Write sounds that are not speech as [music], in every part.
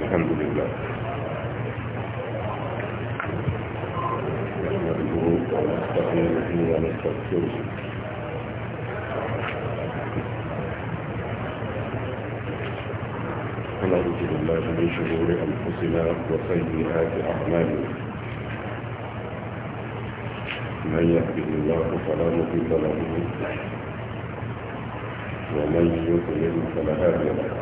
الحمد لله نحمده ونستعينه ونستغفره ونعوذ بالله من شرور انفسنا وسيئات اعمالنا من يهده الله فلا مضل له ومن يضلل فلا هادي له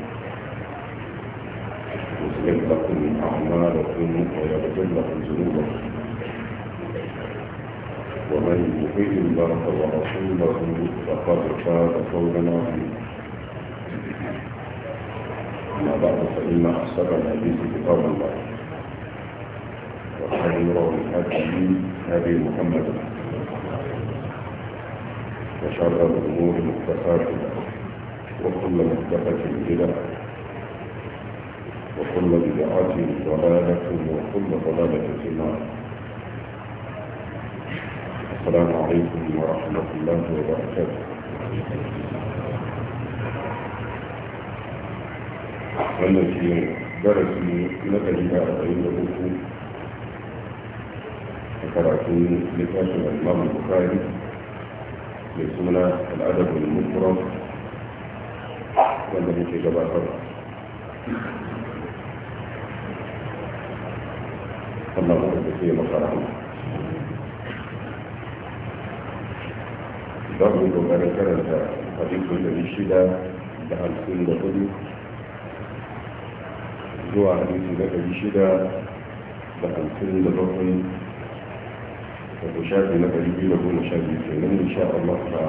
يصلح لكم أعمالكم ويغفر لكم ذنوبكم ومن يطيع الله ورسوله فقد فاز فوزا عظيما أما بعد فإن أحسن الحديث كتاب الله وخير الهدي هدي محمد وشر الأمور محدثاتها وكل محدثة بدعة وكل بدعات ضلالة وكل ضلالة في النار السلام عليكم ورحمة الله وبركاته أنا في درس نتجه أربعين روحي وقرأتني لكاشف الإمام البخاري لسنة الأدب المفرد والذي في جبهته اللهم صل فيه وسلم babu dogarin karanta hadisun dari shida da hamsin da hudu zuwa hadisun da dari shida da hamsin da bakwai da ku shafi na dari biyu da goma sha biyu ke nan insha Allah ta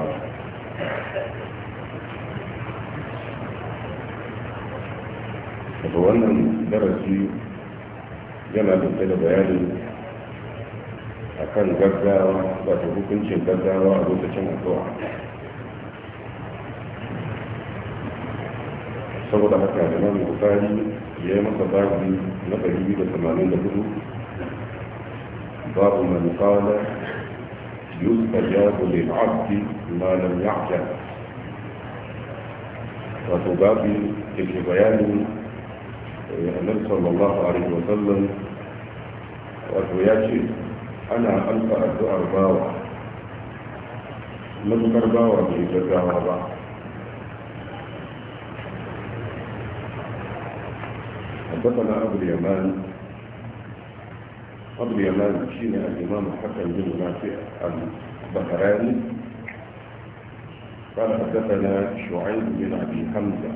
daga wannan darasi yana dauke da bayani akan gaggawa wato hukuncin gaggawa a lokacin addu'a saboda haka da nan bukari ya yi masa babi na ɗari da tamanin da hudu babu man qala yustajabu lil abdi ma lam ya'jal wato babi da ke bayanin annabi sallallahu alaihi wa sallam wato ya ce ana alfa addu'ar bawa matukar bawa bai gaggawa ba حدثنا أبو اليمان أبو اليمان شين الإمام الحكم بن نافع البحراني قال حدثنا شعيب بن أبي حمزة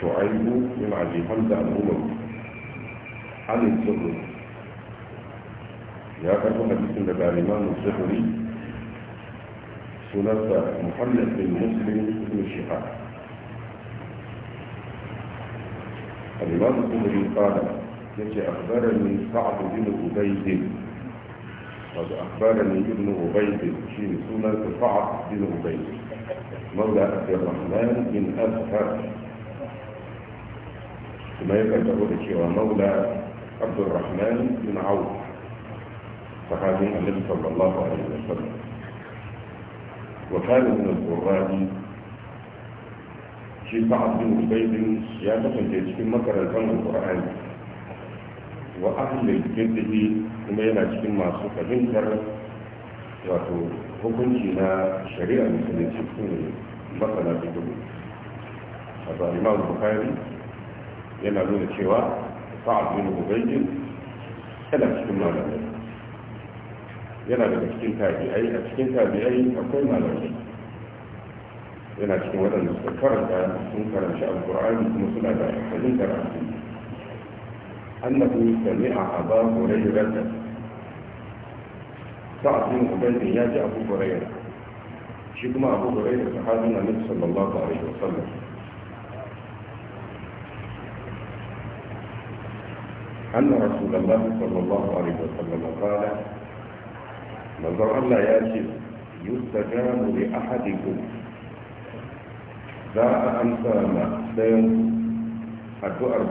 شعيب بن أبي حمزة الأموي hannun tsibiri ya karfi hadisin daga limanin tsibiri sunarsa muhammad bin muslim ibn shihab الإمام الطبري قال يجي أخبرني سعد بن عبيد قد أخبرني ابن عبيد في سنة سعد بن عبيد مولى عبد الرحمن بن أزهر ثم يكتب لك مولى عبد الرحمن بن عوف صحابي النبي صلى الله عليه وسلم وكان من القراء في بعض بن عبيد سياسة الجيش في مكر الفن القرآن وأهل جده كما ينعش في المعصوكة بنكر وفي الى جناء شريعة مثل الجيش في مكر الفن هذا الإمام البخاري ينعلون شواء صعب بين مبين كلام شكونا على ذلك يلا بتشكينها تابعي أتشكينها تابعي أقوم على ذلك يلا شكونا على المستكرة المستكرة شاء القرآن مثل هذا حديث رأسي أنه يستمع أبا هريرة سعد بن عبيد ياتي أبو هريرة شكما أبو هريرة صحابنا النبي صلى الله عليه وسلم أن رسول الله صلى الله عليه وسلم قال نظر لا يجب يستجاب لأحدكم ذا أنسى ما سيد الدؤر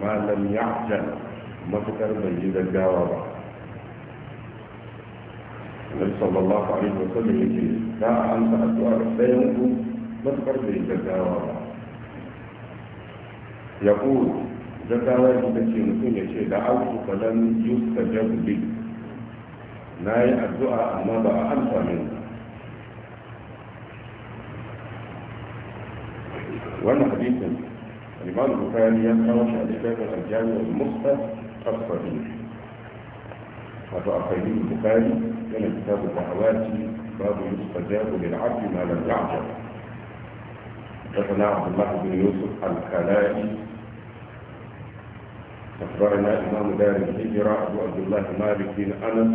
ما لم يعجل مفكر بيد الجواب النبي صلى الله عليه وسلم يقول ذا أنسى الدؤر سيد مفكر بيد الجواب يقول gaggawa ita ce mutum ya ce da auku falan yusta jabbi na yi addu'a amma ba a amsa min wannan hadisin imam bukari ya kawo shi a cikin littafin aljami'ar musta asfari wato a faidin bukari yana kitabu da hawaci babu yusta jabli da abdi malam ya'ajar daga sana'a abdullahi bin yusuf alkalai أخبرنا إمام دار الهجرة أبو عبد الله مالك بن أنس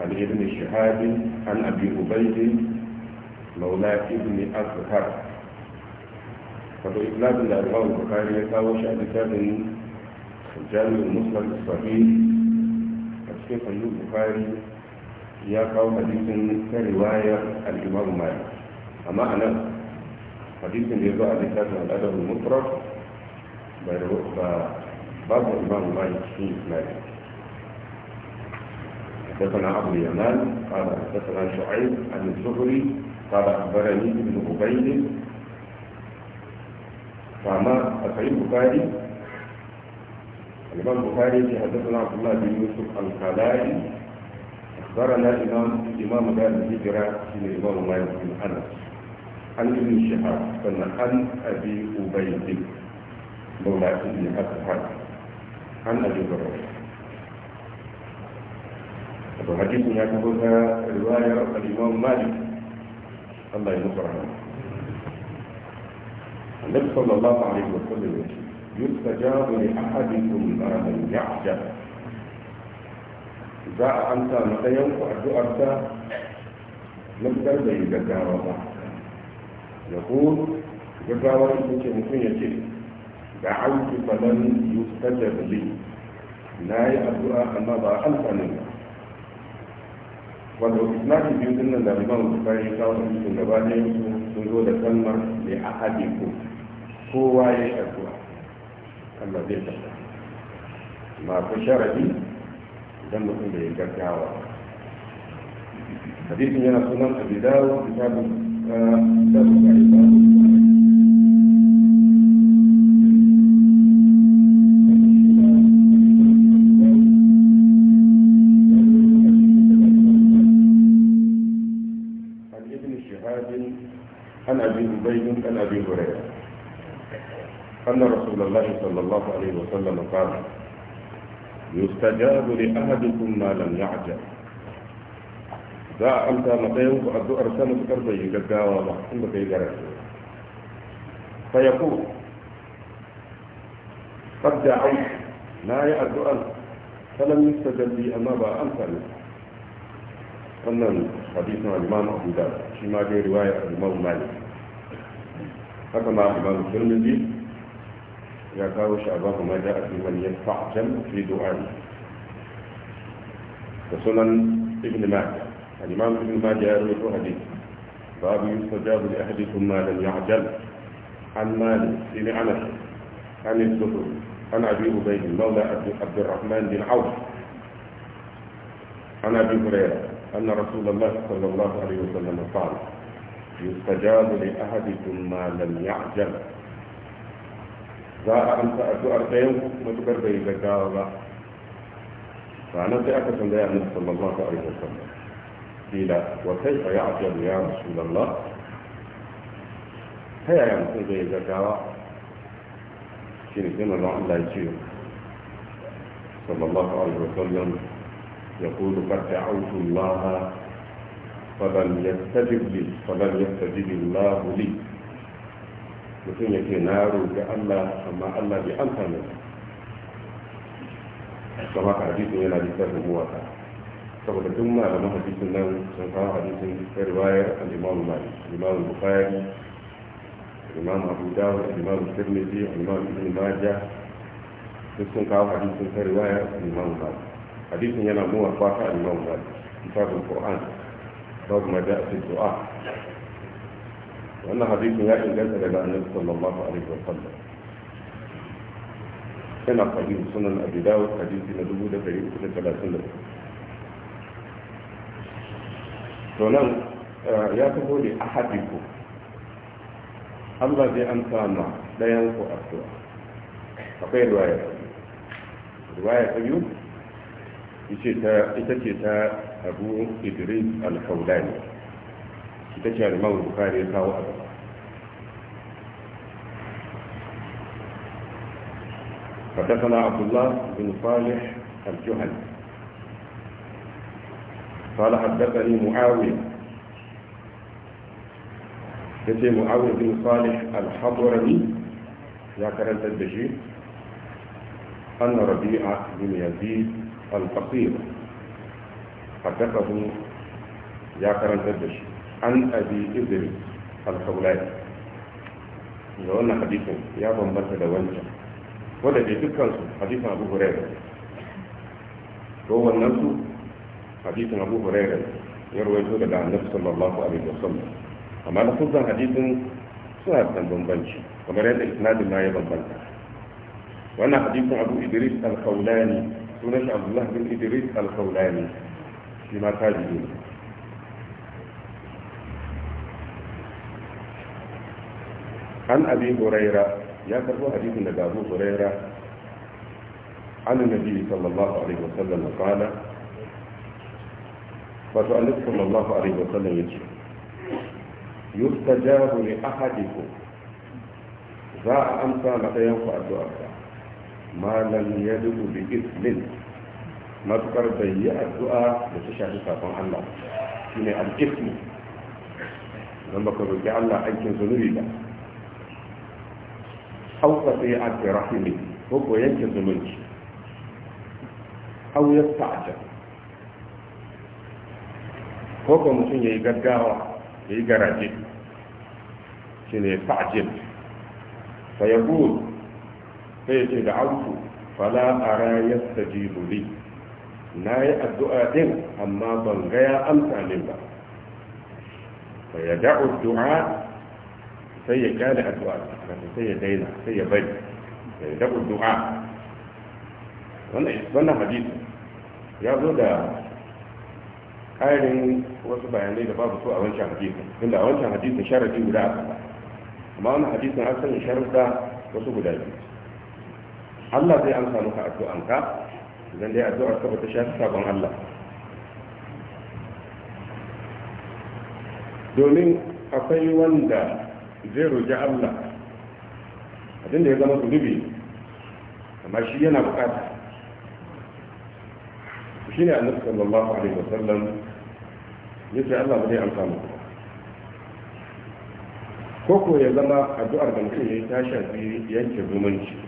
عن ابن شهاب عن أبي عبيد مولاة ابن أزهر فابو إبلاد الأربعة البخاري يتاوى شهد كابن الجامع المسلم الصحيح الشيخ أيوب البخاري يا قوم حديث كرواية الإمام مالك أما أنا حديث يضع لكاتب الأدب المطرق babu imam malik في isnadi حدثنا أبو اليمان قال حدثنا شعيب عن الزهري قال أخبرني ابن عبيد فما أسعيد البخاري الإمام البخاري حدثنا عبد الله بن يوسف الخلالي أخبرنا الإمام إمام دار الهجرة من الإمام مالك بن أنس عن ابن شهاب عن أبي عبيد مولى ابن أبي عن أبي هريرة أبو حديث يعتبرها رواية الإمام مالك الله ينصر عليه النبي صلى الله عليه وسلم يستجاب لأحدكم ما لم يعجب إذا أنت متى ينفع دعك لم تلبي جدارة يقول جدارة يمكن أن يكون da auki falan yustajar li na yi addu'a amma ba alfanin ba wanda isnadi biyu din nan da liman bukari kawo da cikin gaba ne sun zo da kalmar li ahadiku kowa ya yi addu'a Allah zai tafi ma ku sharadi idan mutum da ya gaggawa hadisin yana sunan abi dawo kitabun da bukari da أبي زيد عن أبي هريرة أن رسول الله صلى الله عليه وسلم قال يستجاب لأحدكم ما لم يعجل ذا أنت مطيو فأد أرسل فكر بي جدا ومحكم بي جرس فيقول قد دعيت لا يأد فلم يستجب لي أما با أنت أنا حديث الإمام أبو داود فيما في رواية الإمام مالك هكا ما الإمام يا يعتبرش أباه ما جاء في من يدفع جمع في دعائه وسنن ابن ماجه الإمام ابن ماجه يروي حديث باب يستجاب لأحدكم ما لم يعجل عن مال بن أنس عن الزهر عن أبي أبيد مولى عبد الرحمن بن عوف عن أبي هريرة أن رسول الله صلى الله عليه وسلم قال يستجاب لأحدكم ما لم يعجل ذا أنت أتؤر تيم مذكر بي ذكا فأنا تأكد أن دائما صلى الله عليه وسلم قيل وكيف يعجل يا رسول الله هيا يمكن بي ذكا شيني كنا الله لا يشير صلى الله عليه وسلم يقول قد دعوت الله falan yastajib li falan yastajib Allah li mutum yake na roƙi Allah amma Allah bai amsa min kamar hadisin yana littafin muwaka saboda duk malaman hadisin nan sun kawo hadisin riwayar al-Imam Malik al-Imam Bukhari al-Imam Abu Dawud al-Imam Tirmidhi al-Imam Ibn Majah duk sun kawo hadisin riwayar al-Imam Malik hadisin yana muwaka al-Imam Malik kitabul Qur'an باب ما جاء في الدعاء وأن حديث مياه إنجاز إلى النبي صلى الله عليه وسلم هنا قديم سنن أبي داود حديث ندبو ده في إبن ثلاثين سنن آه، يا تقولي أحدكم الله أنت ما لا ينفو الدعاء فقير رواية رواية أيوب ita ce ta أبو إدريس الحولاني تجعل مول البخاري فهو أبو حدثنا عبد الله بن صالح الجهني قال حدثني معاوية كتي معاوية بن صالح الحضرمي يا كرنت البشير أن ربيعة بن يزيد الفقير haddasa ya karanta da shi an abi izini alkaulai da wannan hadisin ya bambanta da wancan wanda ke dukkansu hadisin abu hurairu to wannan su hadisin abu hurairu ya rawaito daga annabi sallallahu alaihi wasallam amma da kusan hadisin suna da bambanci kamar yadda isnadin ma ya bambanta wannan hadisin abu idris al-kaulani sunan shi abdullah bin idris al-kaulani shi ma tabi ne an abi huraira ya karbo hadisin daga abu huraira an nabi sallallahu alaihi wasallam qala wato an sallallahu alaihi wasallam yace yustajabu li ahadikum za a amsa ma dayan ku addu'a ma lam yadu bi ismin matukar bai yi addu'a da ta shafi sakon Allah shine al-ismu dan baka roƙi Allah aikin zunubi ba sai aw qati'at rahimi ko ko yanke zumunci ya yasta'jal ko ko mutum ya yayi gaggawa yayi garaje shine ta'jil fa yaqul sai ya ce da autu fala ara yastajibu li na yi addu'a din amma ban ga ya amsa min ba sai ya da'u du'a sai ya gane addu'a sai ya daina sai ya bari sai ya da'u du'a wannan hadisi ya zo da ƙarin wasu bayanai da babu so a wancan hadisin inda a wancan hadisin sharadi guda aka amma wannan hadisin an sanya sharuɗa wasu guda biyu Allah zai amsa ka addu'anka idan dai addu'ar ka bata shafi sabon Allah domin akwai wanda zai roji Allah abin da ya zama zunubi amma shi yana bukata shi ne annabi sallallahu alaihi wasallam ya ce Allah zai amfana ko ko ya zama addu'ar da mutum ya yi ta shafi yanke zumunci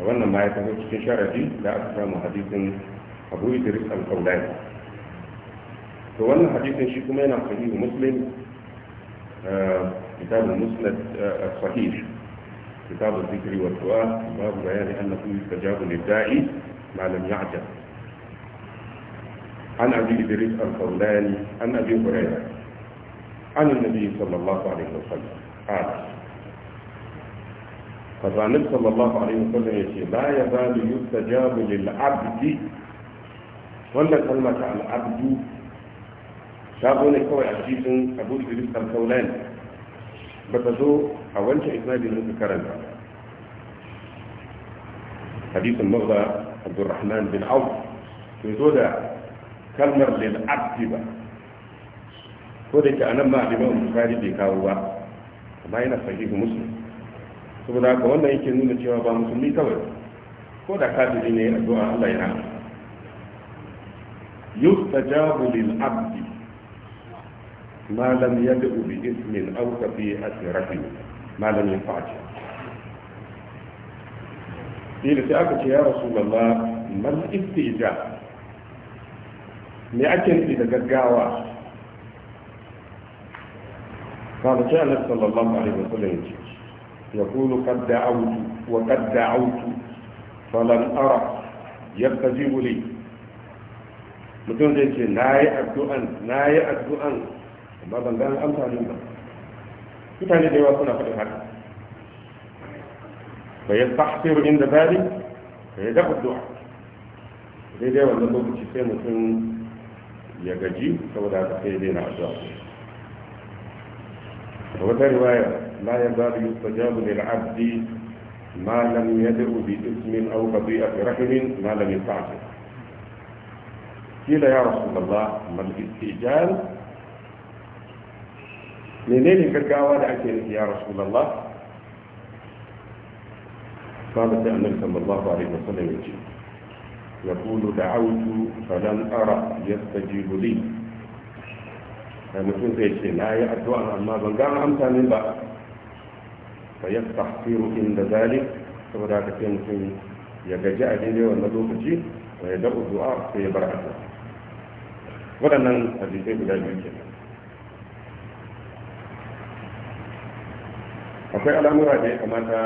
da wannan ma ya cikin sharadi da aka samu hadisin abu idris al-kaulani to wannan hadisin shi kuma yana sahihu muslim eh, kitab musnad eh, sahih kitab zikri wa du'a babu bayani annahu yustajabu lid-da'i ma عن أبي إدريس الخولاني عن أبي هريرة عن النبي صلى الله عليه وسلم قال فالنبي صلى الله عليه وسلم يقول لا يزال يستجاب للعبد wannan kalma ta al'abdu sabo ne kawai a cikin abu idris al-kaulan ba ta zo a wancan isnadin muka karanta hadisin maza abdurrahman bin zo da kalmar ba ko da ke anan ma al bai kawo ba amma yana sahihu muslim saboda haka wannan yake nuna cewa ba musulmi kawai ko da kafiri ne addu'a Allah ya rahama yustajabu lil abdi ma lam yad'u bi ismin aw fi asrafi ma lam yanfa'u kila sai aka ce ya rasulullah man istijab me ake nufi da gaggawa ba ce Allah sallallahu alaihi wasallam ya ce يقول قد دعوت وقد دعوت فلن أرى يستجيب لي mutum zai ce na yi addu'an na yi addu'an amma ban gane amsa ne ba mutane da yawa suna faɗin haka fa ya tahsiru inda zali fa ya dafa addu'a daidai wannan lokaci sai mutum ya gaji saboda haka sai ya daina addu'a وفي رواية لا يزال يستجاب للعبد ما لم يدر باسم أو بطيئة رحم ما لم يستعجل قيل يا رسول الله ما الاستئجال منين كركاوة لأكل يا رسول الله قال النبي صلى الله عليه وسلم يقول دعوت فلم أرى يستجيب لي mutum zai ce na yi addu'a amma ban ga amsa min ba fa ya tahfiru inda zalik saboda ka ce mutum ya gaji a daidai wannan lokaci wa ya dabu du'a sai ya bar addu'a waɗannan hadisai guda biyu ke akwai al'amura da ya kamata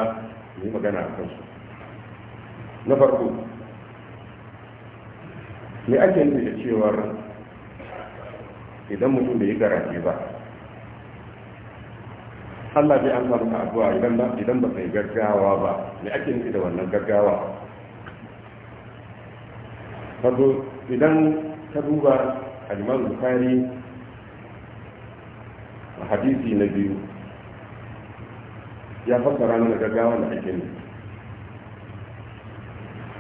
mu yi magana a kansu na farko me ake nufi da cewar idan mutum bai yi garaje ba Allah bai an samu abuwa idan ba idan ba sai gaggawa ba me ake nufi da wannan gaggawa farko idan ka duba al-Imam Bukhari hadisi na biyu ya fassara mana gaggawa da ake nufi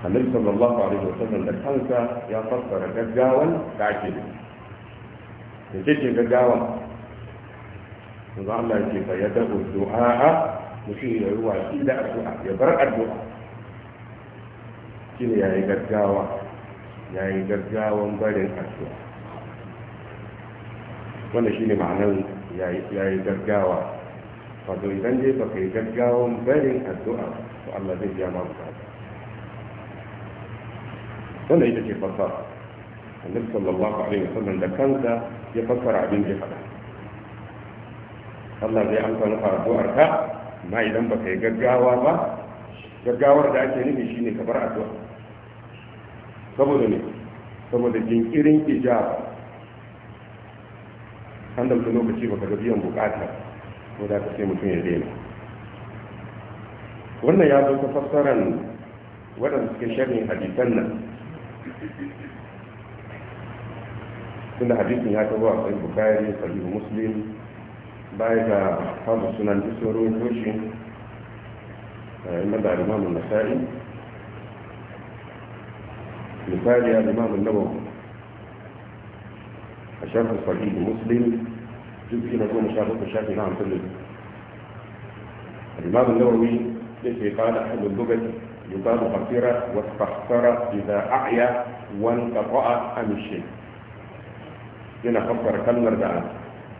Annabi sallallahu alaihi wasallam da kansa ya fassara gaggawan da ake nufi da jijjiga gaggawa yanzu Allah ya ce fa ya dago du'a mutum ya yi watsi da addu'a ya bar addu'a shi ne ya yi gaggawa ya yi gaggawan barin addu'a wanda shi ne ma'anar ya yi gaggawa wato idan dai baka yi gaggawan barin addu'a to Allah zai biya ma bukata ita ce fasa annabi sallallahu alaihi wasallam da kanka ya fassara abin da ya faɗa Allah zai amsa na addu'ar ka amma idan baka yi gaggawa ba gaggawar da ake nufi shine ka bar addu'a saboda ne saboda jinkirin ijab an dauki lokaci baka ga biyan bukata ko da ka ce mutum ya daina wannan ya zo ta fassaran waɗanda suke sharhin hadisan nan سنة حديث نهاية أبو عصير بخاري صحيح مسلم بعد أحفاظ السنة الإسور والفوشي مدى الإمام النسائي نفاجة الإمام النووي الشرح الصحيح مسلم جزء من كل مشاهد الشافعي نعم كله الإمام النووي الذي قال أحد اللغة يقال قصيرة واستحصر إذا أعيا وانقطع عن الشيء ina fassara kalmar da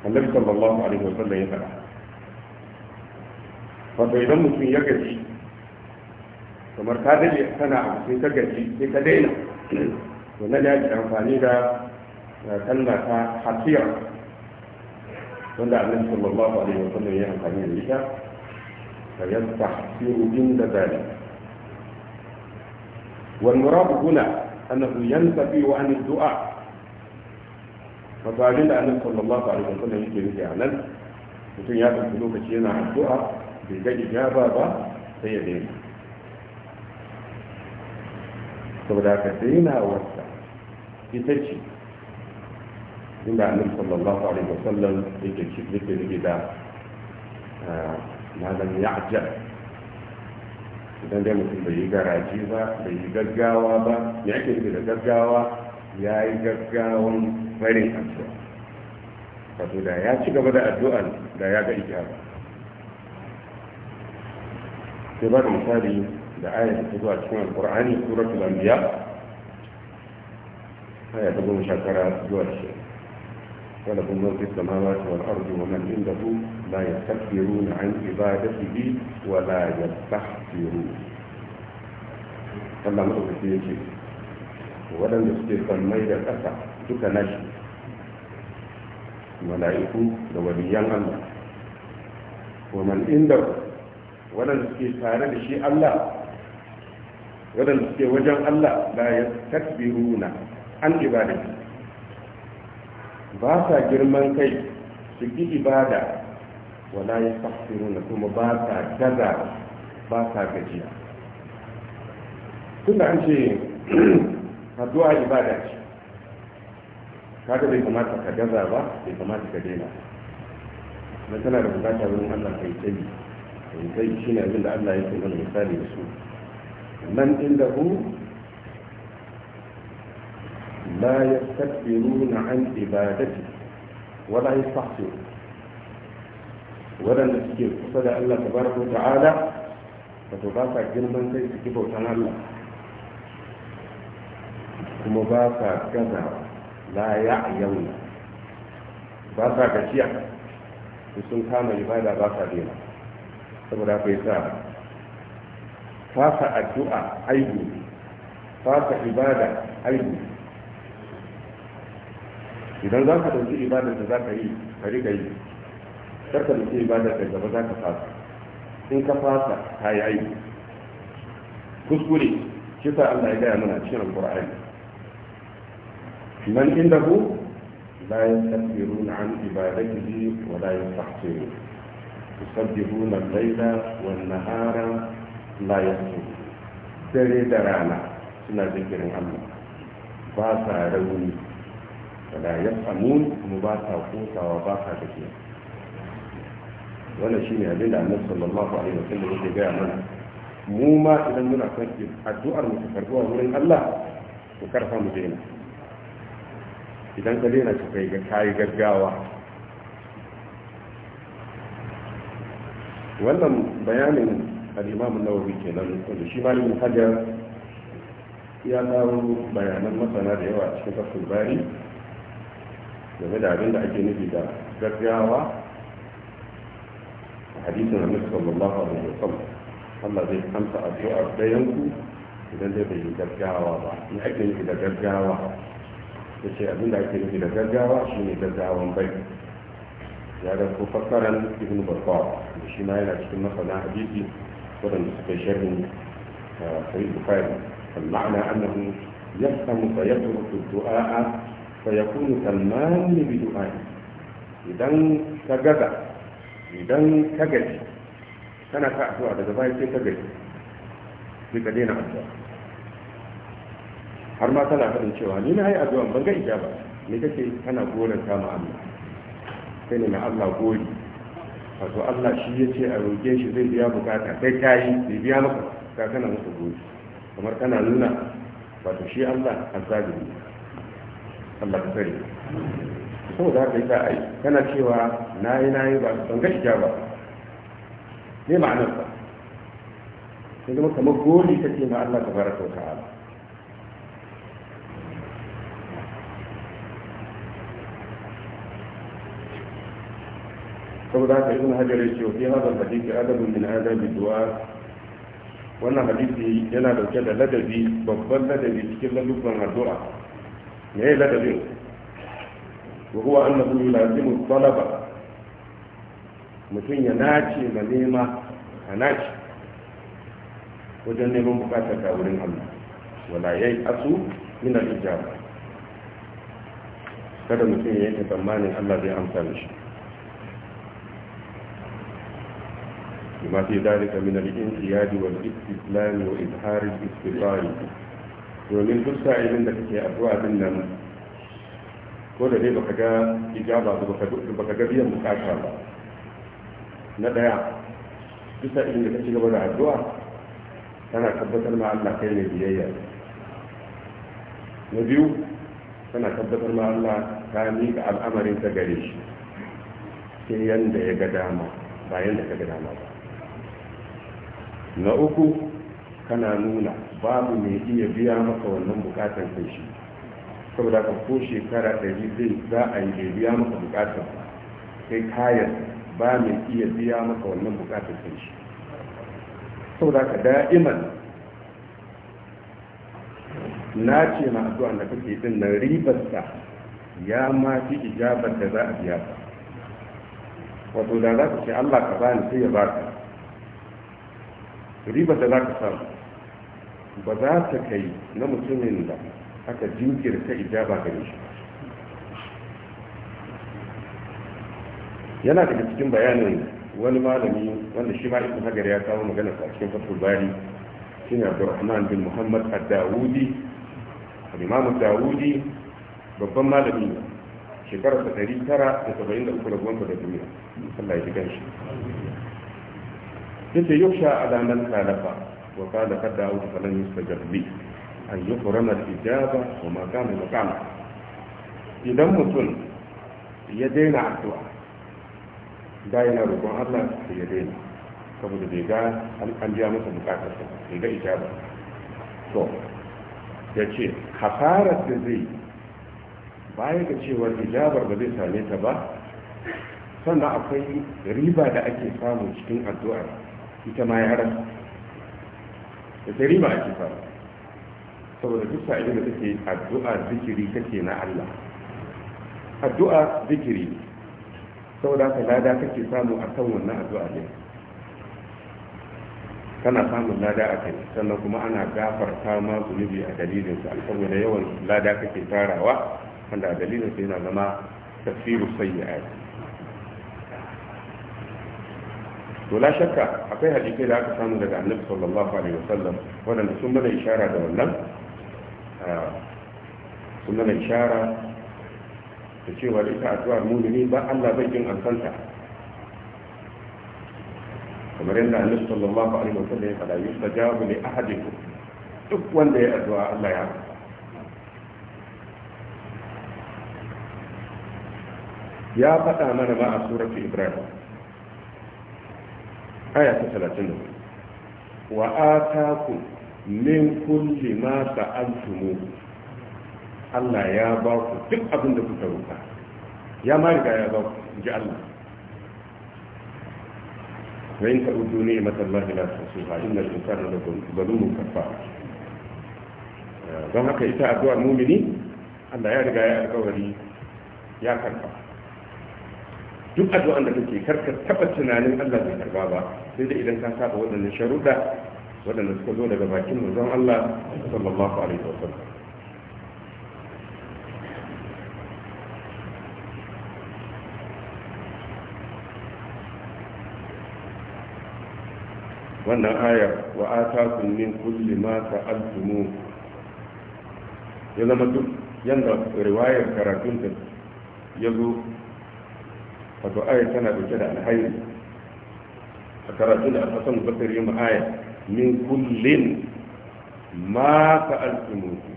annabi sallallahu alaihi wasallam ya faɗa wato idan mutum ya gaji kamar ka dade kana abu sai ka gaji sai ka daina to na da amfani da kalma ta hasiya wanda annabi sallallahu alaihi wasallam ya amfani da ita fa yastahsiru inda zalika والمراد هنا أنه ينتفي عن الدعاء wato abin da annabi sallallahu alaihi wasallam yake nufi a nan mutum ya ɗauki lokaci yana addu'a bai ga ijaba ba sai ya daina saboda ka daina wasa ita ce inda annabi sallallahu alaihi wasallam yake yake nufi da malam ya'jal idan dai mutum bai yi garaji ba bai yi gaggawa ba me ake nufi da gaggawa ya yi gaggawan farin addu'a wato da ya ci gaba da addu'a da ya ga ijaba sai ba da misali da ayyar da ta zuwa cikin alkur'ani suratul anbiya haya ta goma shakara zuwa shi wala kun zama ba samawati wani ardi wa man indahu la yastakbiruna an bi wa la yastahsirun Allah ya ce. waɗanda suke mai da ƙasa duka nashi mala'iku da waliyan Allah Ko man inda waɗanda suke tare da shi Allah waɗanda suke wajen Allah da ya tasbiruna an ibada ba sa girman kai su bi ibada wala ya na kuma ba sa gaza ba sa gajiya tunda ce addu'a ibada ce kaga bai kamata ka gaza ba bai kamata ka daina dan tana da bukata wurin Allah ka kai tsayi kai tsayi shine abin da Allah ya ke mana misali da su man indahu la na an ibadati wala ya yastahsiruna waɗanda suke kusa da Allah ta tabaraka ta'ala wato ba sa girman kai su kibautan Allah kuma ba sa gaza la ya'yawna ba sa gajiya sun kama ibada ba sa dena saboda kai sa fasa addu'a aibu fasa ibada aibu idan za ka ɗauki ibada da za ka yi ka riga yi kar ka ɗauki ibada da gaba za ka fasa in ka fasa ka yi aibu kuskure shi sa Allah ya gaya mana cikin alƙur'ani man indahu la yastakbiruna an ibadatihi wa la yastahsirun yusabbihuna al-laila wan nahara la yasbihun dare da rana suna zikirin Allah ba sa rauni wala yasamun ba sa ba sa tafiya wannan shine abin da Annabi sallallahu alaihi wasallam yake gaya mana mu ma idan muna son addu'ar mu ta karbuwa wurin Allah ku karfa mu daina idan ka daina ta kai ga kayi gaggawa wannan bayanin al'imamun nawawi kenan da shi malamin hajjar ya kawo bayanan masana da yawa cikin kafin bari game da abin da ake nufi da gaggawa a hadisin annabi sallallahu alaihi wasallam Allah zai amsa addu'a dayanku idan zai bai gaggawa ba ni ake nufi da gaggawa ta ce abin da ake nufi da gaggawa shi ne gaggawan bai ya ga ko fassaran ibn barkawa da shi ma yana cikin masana hadisi waɗanda suka yi sharhin sahih bukhari al-ma'ana annahu yafhamu fa yatruku du'a fa yakunu kalman bi du'a'i idan ka gaza idan ka gaji kana ka addu'a daga baya sai ka gaji sai ka daina addu'a har ma tana faɗin cewa ni na yi addu'a ban ga ijaba me kake kana goran ta ma Allah sai ne na Allah gori wato Allah shi ya ce a roƙe shi zai biya bukata kai ta yi bai biya maka ka kana masa gori kamar kana nuna wato shi Allah azzalimi Allah ka sani saboda haka yasa ai kana cewa na yi na ba ban ga ijaba ne ma'anar ba sai kuma kamar gori kake ma Allah tabaraka wa Allah saboda haka ibn hajar ya ce wa fi hadal hadisi adabun min adabi du'a wannan hadisi yana dauke da ladabi babban ladabi cikin ladubban addu'a me ya ladabi wa huwa annahu yulazimu talaba mutum ya nace ma nema a nace wajen neman bukatar ta wurin Allah wala yayi asu min al-ijaba kada mutum ya yi tsammanin Allah zai amsa mishi بما في ذلك من الانقياد والاستسلام وإظهار الاستقرار ومن كل سائل في أبواب النم كل ذي بحاجة إجابة بحاجة بيا مكاشفة ندعي كل سائل عندك في أبواب أنا كبت مع الله كلمة بيايا نبيو أنا كبت مع الله كامي على الأمر تقريش كي يندعي قدامه بعين قدامه na uku kana nuna babu mai iya biya maka wannan bukatar kai shi saboda ka ko shekara ɗari zai za a yi da biya maka bukatar kai kayan ba mai iya biya maka wannan bukatar kai shi saboda ka da'iman na ce ma zuwa da kake din na ribarsa ya ma fi ijabar da za a biya ka wato da za ka ce Allah ka bani sai ya baka ribar da za ka samu ba za ta kai na mutumin da aka jinkirta ijaba gare shi yana daga cikin bayanin wani malami wanda shi ma ibn hagar ya kawo magana a cikin fatul bari shine abdurrahman bin muhammad ad-dawudi al-imam ad-dawudi babban malami ne shekarar 973 da gwamnati da duniya Allah ya ji ganshi yace yusha ala man khalafa wa qala qad da'awtu falan yustajab li an yukrama al-ijaba wa ma kana maqama idan mutum ya daina addu'a da yana roƙon Allah sai ya daina saboda bai ga an biya masa bukatar sa bai ga ijaba to yace kafarar da zai baya ga cewar ijabar ba zai same ta ba sannan akwai riba da ake samu cikin addu'ar ita ma ya haram da jarima ake fara saboda duk sa'ilin da take addu'a zikiri kake na Allah addu'a zikiri saboda ka lada kake samu a kan wannan addu'a ne kana samun lada a kai sannan kuma ana gafarta ma zunubi a dalilin sa da yawan lada kake tarawa wanda a dalilin sa yana zama tafsiru sayyi'ati to la shakka akwai hadisai da aka samu daga annabi sallallahu alaihi wasallam wadanda sun mana ishara da wannan sun mana ishara da cewa ita addu'ar mumini ba Allah bai jin ansanta kamar yadda annabi sallallahu alaihi wasallam ya fada yustajabu li ahadikum duk wanda ya addu'a Allah ya ya faɗa mana ba a suratu ibrahim aya ta talatin 34 wa ataku min kulli ma sa'altumu Allah ya ba ku duk abin da kuka roƙa ya ma riga ya ba ku ji Allah wa in ta'udu ni'matallahi la tuhsuha innal insana lazalumun kafar don haka ita addu'ar mumini Allah ya riga ya alƙawari ya karɓa. duk addu'an da kake karka taba tunanin Allah bai karba ba sai da idan ka saba waɗannan sharuɗa waɗanda suka zo daga bakin manzon Allah sallallahu alaihi wasallam wannan ayar wa atakum min kulli ma ta'altumu ya zama duk yanda riwayar karatun ta ya zo wato ayar tana dauke da alhairi a karatu da alhassan bakar yi ma'aya min kullin ma ka alfimutu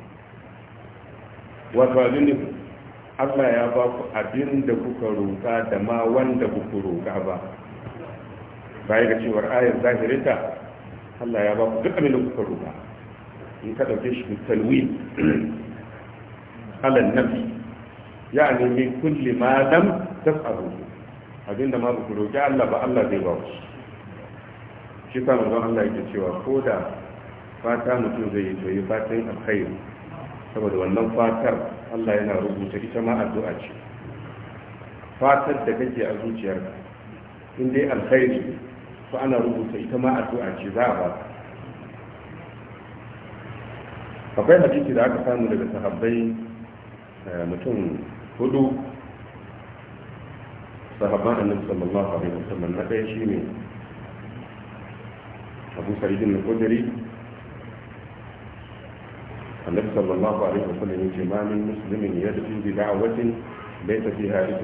wato abin allah ya ba ku abin da kuka roƙa da ma wanda kuka roƙa ba baya ga cewar ayar zahirinta allah ya ba ku duk abin da kuka roƙa in ka ɗauke shi talwi alal nafi ya ne min kulli ma lam tas'alu abinda ma kuka roƙi allah ba allah zai ba ku shi sa manzon Allah yake cewa ko da fata mutum zai yi to yi fatan alkhairi saboda wannan fatar Allah yana rubuta ita ma addu'a ce fatar da kake a zuciyarka in dai alkhairi to ana rubuta ita ma addu'a ce za a ba akwai hadisi da aka samu daga sahabbai eh, mutum hudu sahabban annabi sallallahu alaihi wasallam na ɗaya shine abu sa'idin na kudiri annabi sallallahu alaihi wasallam yace ma min muslimin yad'u bi da'watin laysa fiha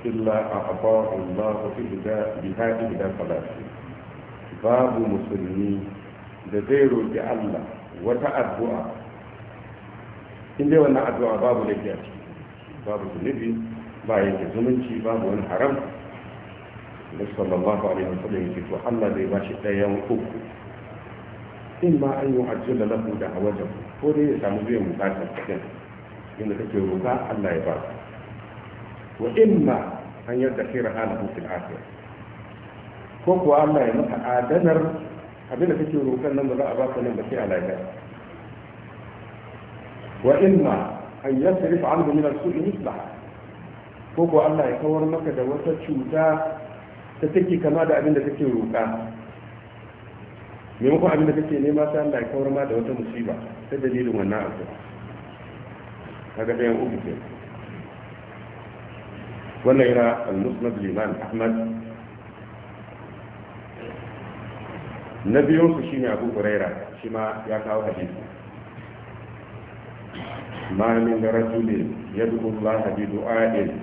illa Allah fi babu musulmi da zai roƙi Allah wata addu'a in dai wannan addu'a babu laifi a ciki babu zunubi ba yake zumunci babu wani haram صلى الله عليه وسلم في فحل بما شئت يا وقوف إما أن يعجل له دعوته فلي يسامو بيه مباشا فكين إن تجربة ألا يبارك وإما أن يدخير حاله في الآخرة فوقو ألا يمتع آدنر أبين تجربة نمرا أباك نمتع على يبارك وإما أن يصرف عنه من السوء مصلحة فوقو ألا يكور لك دوسة شوتا ta take kama da abin da take roƙa maimakon abin da take nema ta Allah ya kawar ma da wata musiba ta dalilin wannan abu kaga ɗayan uku ke wannan yana al-musnad liman ahmad na biyun su shine abu huraira shi ma ya kawo hadisi ma min rajulin yad'u Allah bi du'a'in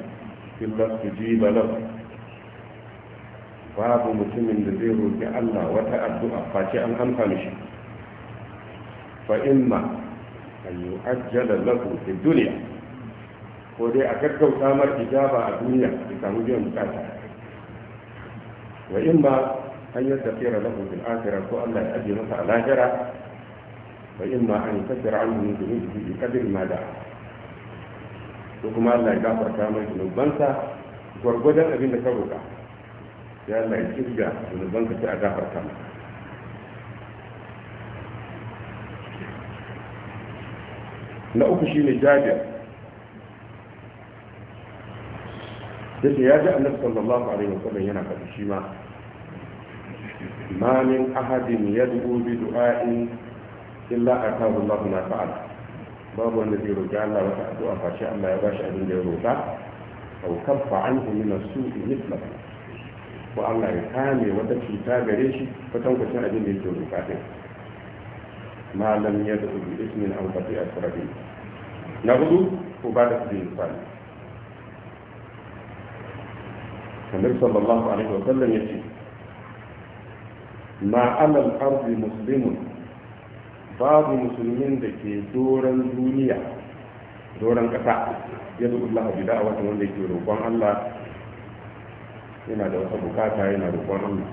illa tujiba lahu babu mutumin da zai roƙi Allah wata addu'a face an amsa mishi fa imma an yu'ajjala lahu fi ko dai a gaggauta mar ijaba a duniya ya samu biyan bukata wa imma an yastaghfira lahu fil akhirah ko Allah ya ajiye masa a lahira wa imma yi yukaffira anhu min dhunubihi bi qadri ma ko kuma Allah ya gafarta mai zunubansa gwargwadon abin da ka roƙa ya Allah ya kirga zunuban ka sai a gafarta maka na uku shine jabir yace ya ji annabi sallallahu alaihi wasallam yana faɗi shi ma ma min ahadin yad'u bi du'a'in illa atahu Allah na fa'ala babu wanda zai roƙi Allah wata addu'a face Allah ya bashi abin da ya roƙa aw kaffa anhu min as-su'i mithlahu ko Allah ya kame wata cuta gare shi kwatankwacin abin da yake bukatun malam ya da bi ismin an faɗi a na hudu ko ba da kudin kwali Annabi sallallahu alaihi wa sallam ya ce ma alal arzi muslimun babu musulmin da ke doron duniya doron ƙasa yadu Allah bi da'awa wanda yake roƙon Allah yana da wata bukata yana roƙon Allah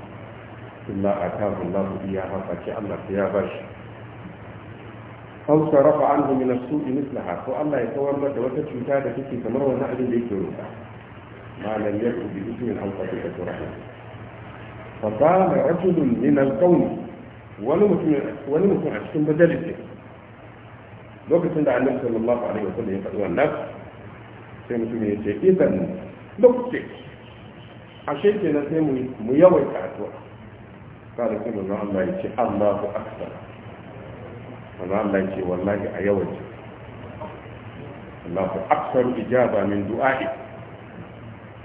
illa atahu Allah biya haka ce Allah ya bashi hausa rafa an min su sui na ko Allah ya kawar da wata cuta da take kamar wani abin da yake roƙa ma lam yakun bi ismin aw qadika rahmah fa qala rajulun min al-qawm wani mutum a cikin majalisi lokacin da annabi sallallahu alaihi wa wasallam ya faɗi wannan sai mutum ya ce idan lokaci ashe ke na sai mu yawaita addu'a kada kuma manzo Allah ya ce Allahu akbar manzo Allah ya ce wallahi a yawaita Allahu akbar ijaba min du'a'i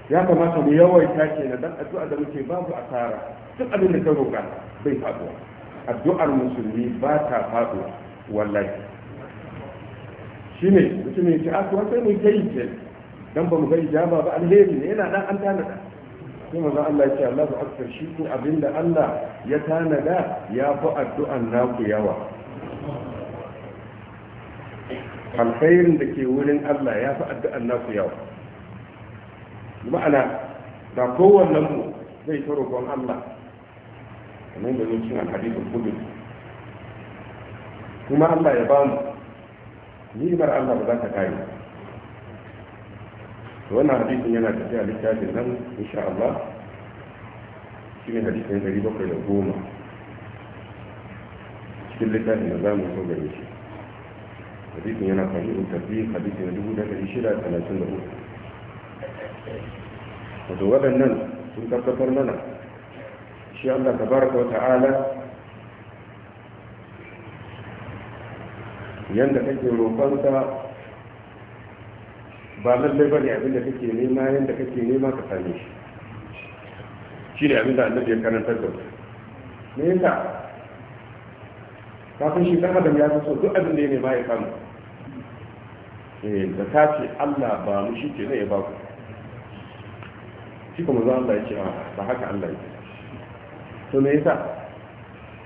ya kamata mu ta ke na dan addu'a da muke babu asara duk abin da ka roƙa bai faduwa addu'ar musulmi ba ta faduwa wallahi shi ne mutumin ce a ah, kuwa sai mu yi ke dan ba mu ga ijaba ba alheri ne yana dan an tanada sai manzon Allah ya ce Allahu akbar shi ko abinda Allah ya tanada ya fi addu'an naku yawa alkhairin da ke wurin Allah ya fi addu'an naku yawa ma'ana da kowannen mu zai ta roƙon Allah kamar da zuci a hadisin kudu kuma Allah ya bamu ni'imar Allah ba za ta kare wannan hadisin yana tafiya littafin nan insha Allah shi ne hadisin ɗari bakwai da goma cikin littafin da za mu so gare shi hadisin yana in tafi hadisin na dubu da ɗari shida talatin da hudu wato waɗannan sun tabbatar mana shi Allah tabaraka wa ta'ala yadda kake roƙonsa ba lallai ba ne abin da kake nema yadda kake nema ka same shi shi ne abin da annabi ya karantar da mu me yasa kafin shi dan adam ya so duk abin da ya nema ya samu eh da ta ce Allah ba mu shi ke ne ya ba ku shi kuma za Allah ya ce ah, ba haka Allah ya ce to me yasa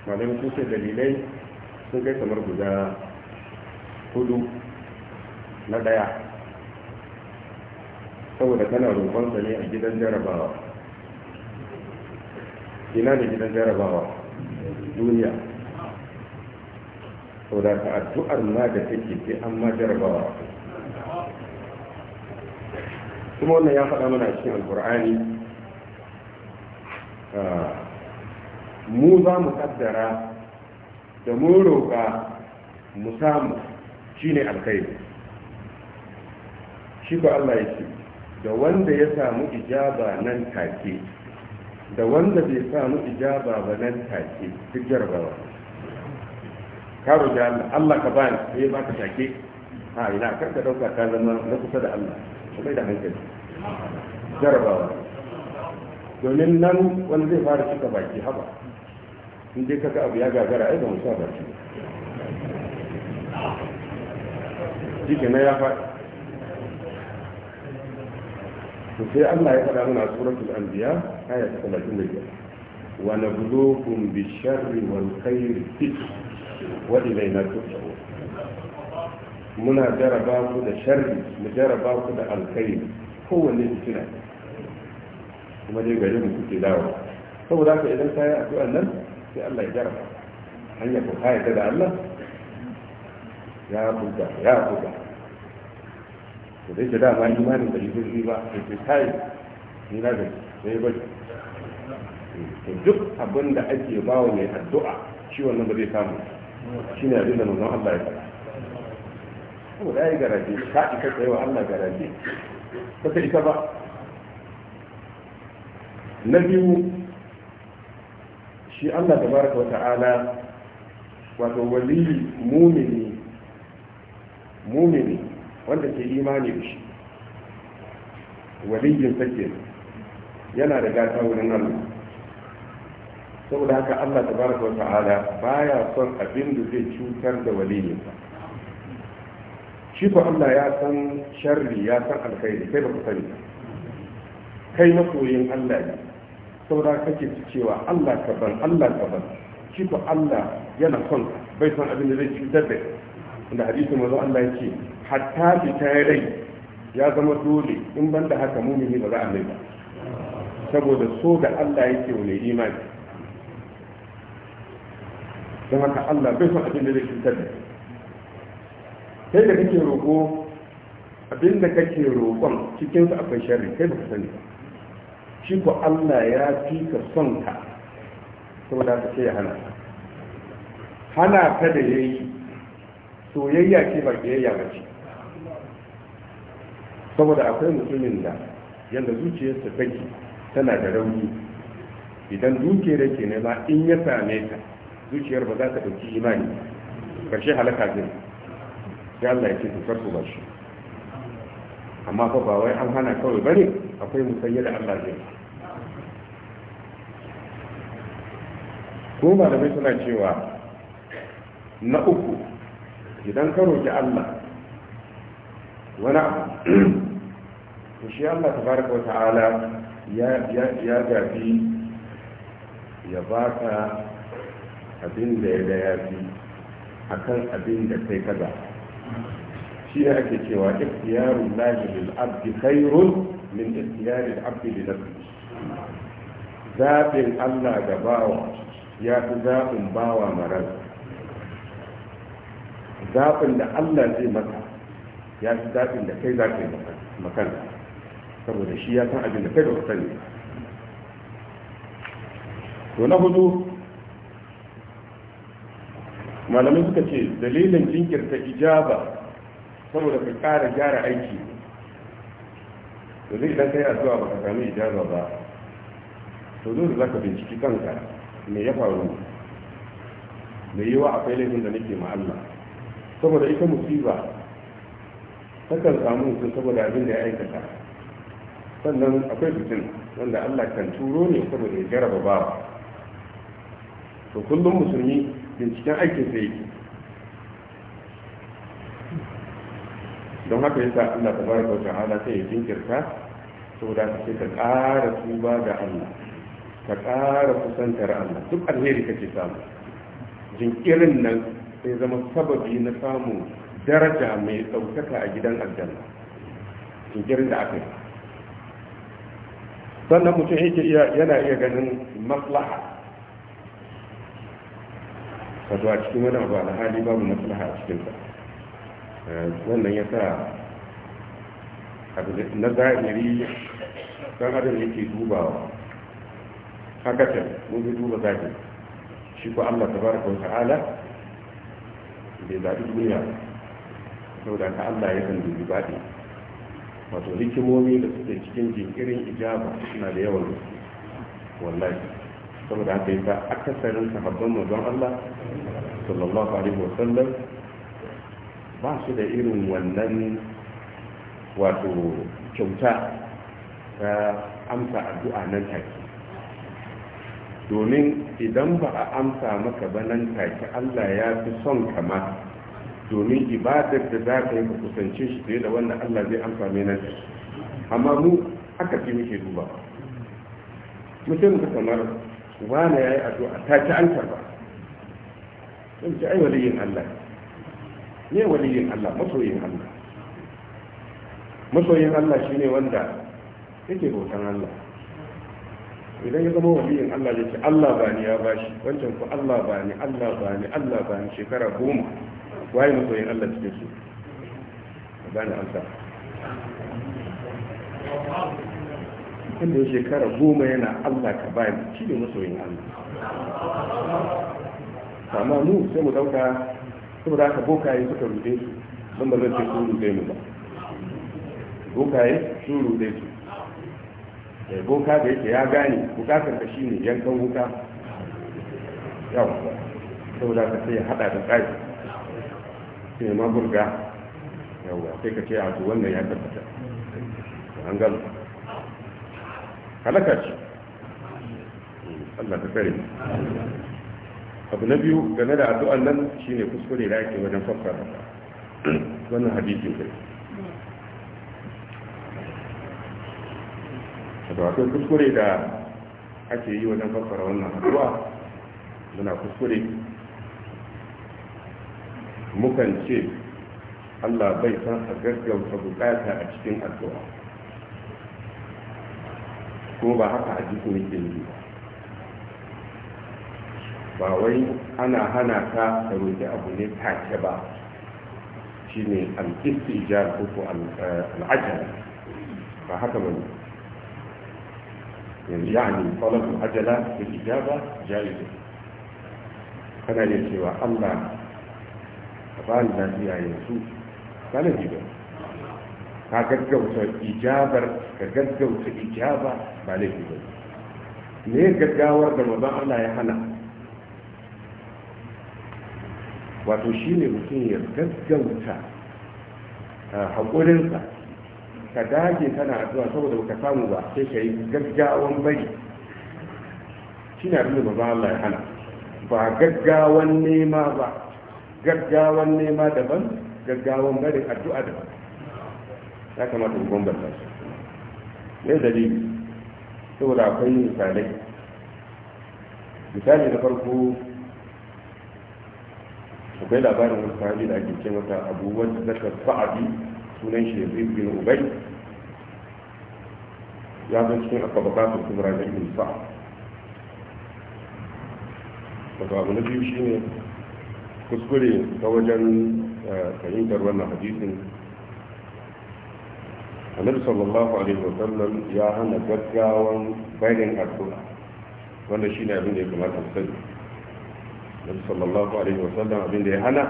malamin sun ce dalilai sun kai kamar guda hudu na daya saboda kana sa ne a gidan jarabawa ina ne gidan jarabawa duniya saboda ka addu'ar na da take sai an ma jarabawa kuma wannan ya faɗa mana cikin alkur'ani ah, mu za mu kaddara da mu roƙa mu samu shine alkhairi shi ba Allah ya ce da wanda ya samu ijaba nan take da wanda bai samu ijaba ba nan take duk jarabawa ka roƙi Allah Allah ka bani sai ba ka take ha ina kar ka dauka ka zama na kusa da Allah ka da hankali jarabawa domin nan wani zai fara cika baki haba in dai kaga abu ya gagara ai ba mu sa baki shi na ya faɗi sai Allah ya faɗa mana suratul anbiya aya ta 35 wa nabluukum bish-sharri wal khairi fitna wa ilayna turja'un muna jaraba ku da sharri mu jaraba ku da alkhairi kowanne fitina kuma dai gari mu kuke dawo saboda ka idan kayi addu'a nan sai Allah ya jaraba hanya ku kayi da Allah ya buga ya buga to dai da ba imanin da yi ba da ke tayi ni na da sai ba duk abin da ake ba wa mai addu'a shi wannan ba zai samu shi ne abin da nuna Allah ya faɗa ko da yi garaje ka ita kai wa Allah garaje ba ta ita ba na biyu shi Allah baraka wa ta'ala wato wali mumini mumini wanda ke imani da shi waliyin sake yana da gata wurin Allah saboda haka Allah tabaraka wa ta'ala baya son abin da zai cutar da sa shi ko Allah ya san sharri ya san alkhairi kai ku sani kai masoyin Allah ne saboda kake cewa Allah ka ban Allah ka ban shi ko Allah yana son bai san abin da zai cutar da inda hadisin manzo Allah ya ce. hatta ta rai ya zama dole in ban da haka mumini ba za a mai ba saboda so da Allah yake wa mai imani don haka Allah bai son abin da zai cutar da kai da kake roƙo abin da kake roƙon cikin su akwai sharri kai ba ka sani ba shi ko Allah ya fi ka son ka saboda ka ce ya hana hana ka da yayi soyayya ce ba kiyayya ba ce saboda akwai mutumin da yadda zuciyarsa take tana da rauni idan dukiyar da ne ba in ya same ta zuciyar ba za ta ɗauki imani karshe halaka zai ya Allah ya ce su farko ba shi amma fa ba wai an hana kawai bane akwai musayya da Allah zai ko malamai suna cewa na uku idan ka roki Allah wani abu shi Allah tabaraka ta'ala ya gafi ya baka abin da ya da ya fi a kan abin da kai kaza shi ne ake cewa ikhtiyarul lahi lil abdi khairun min ikhtiyaril abdi li nafsihi zaɓin Allah ga bawa ya fi zaɓin bawa marar zaɓin da Allah zai maka ya fi zaɓin da kai za ka yi makanka saboda shi ya san abin da kai da kusa ne to na hudu malamai suka ce dalilin jinkirta ijaba saboda ka ƙara gyara aiki to zai idan kai addu'a ba ka sami ijaba ba to dole za ka binciki kanka me ya faru mai yiwa akwai laifin da nake ma'alla saboda ita musiba takan samu mutum saboda abin da ya aikata sannan akwai fitin wanda allah kan turo ne saboda ya jaraba ba. to kullum musulmi binciken aikin sai yake don haka yasa allah tabaraka wa ta'ala sai ya jinkirta saboda ka sai ka ƙara tuba ga allah ka ƙara kusantar allah duk alheri kake samu jinkirin nan sai zama sababi na samun daraja mai ɗaukaka a gidan aljanna jinkirin da aka yi sannan mutum yake iya yana iya ganin maslaha wato a cikin wani abu hali babu maslaha a cikinsa eh, wannan ya sa na zahiri don adam yake dubawa haka ce mun bi duba zahiri shi ko Allah tabaraka wa ta'ala bai zaɓi duniya saboda ka Allah ya kan dubi baɗi wato hikimomi da suke cikin jinkirin ijaba suna da yawan gaske wallahi saboda haka yasa akasarin sahabban manzon Allah sallallahu alaihi sallam, ba su da irin wannan wato kyauta ta amsa addu'a nan take domin idan ba a amsa maka ba nan take Allah ya fi son kama domin ibadar da za ka yi ka kusance shi fiye da wannan Allah zai amfani na shi amma mu aka fi muke duba mutum ka kamar wani ya yi addu'a ta ci an karba sun ci ai waliyin Allah ne waliyin Allah masoyin Allah masoyin Allah shine wanda yake bautan Allah idan ya zama waliyin Allah ya ce Allah ba ni ya bashi wancan ku Allah ba ni Allah ba ni Allah ba ni shekara goma waye masoyin Allah cikin su gane amsa da ya shekara goma yana Allah ka bayan shi ne masoyin Allah amma mu sai mu dauka saboda haka bokaye suka rude su don ba zan ce sun rude mu ba bokaye sun rude su da eh, boka da yake ya gane bukatar ka shine yankan wuta yawa saboda ka sai ya hada da kai shine ma burga yawa sai ka ce a to wannan ya tabbata an gano halaka ce Allah ta kare abu na biyu game da addu'an nan shine kuskure da ake wajen fassara wannan hadisi ne da akwai kuskure da ake yi wajen fassara wannan addu'a muna kuskure mukan ce Allah bai san a gaggauta bukata a cikin addu'a ko ba haka a jiki yake yi ba wai ana hana ka ka roƙi abu ne take ba shi ne al'istijar ko ko al'ajal ba haka ba ne yanzu ya ne falon ajala da ijaba jari kana ne cewa Allah ka ba ni lafiya yanzu sanadi ba ka gaggauta ijabar ka gaggauta ijaba ba laifi ba ne gaggawar da mazan Allah ya hana wato shi ne mutum ya gaggauta haƙurinsa ka dage kana addu'a saboda ka samu ba sai ka yi gaggawan bari shi ne abin da mazan Allah ya hana ba gaggawan nema ba gaggawan nema daban gaggawan barin addu'a daban ya kamata ku bambanta su ne dalili saboda akwai misalai misali na farko akwai labarin wani sahabi da ake ce masa abubuwan zaka sa'abi sunan shi yanzu bin ubai ya zan cikin akabaka su kubra da ibn sa'ad wato abu na biyu shine kuskure ta wajen eh, fahimtar wannan hadisin annabi sallallahu alaihi wasallam ya hana gaggawan bayanin addu'a wanda shi ne abin da ya kamata mu sani annabi sallallahu alaihi wasallam abin da ya hana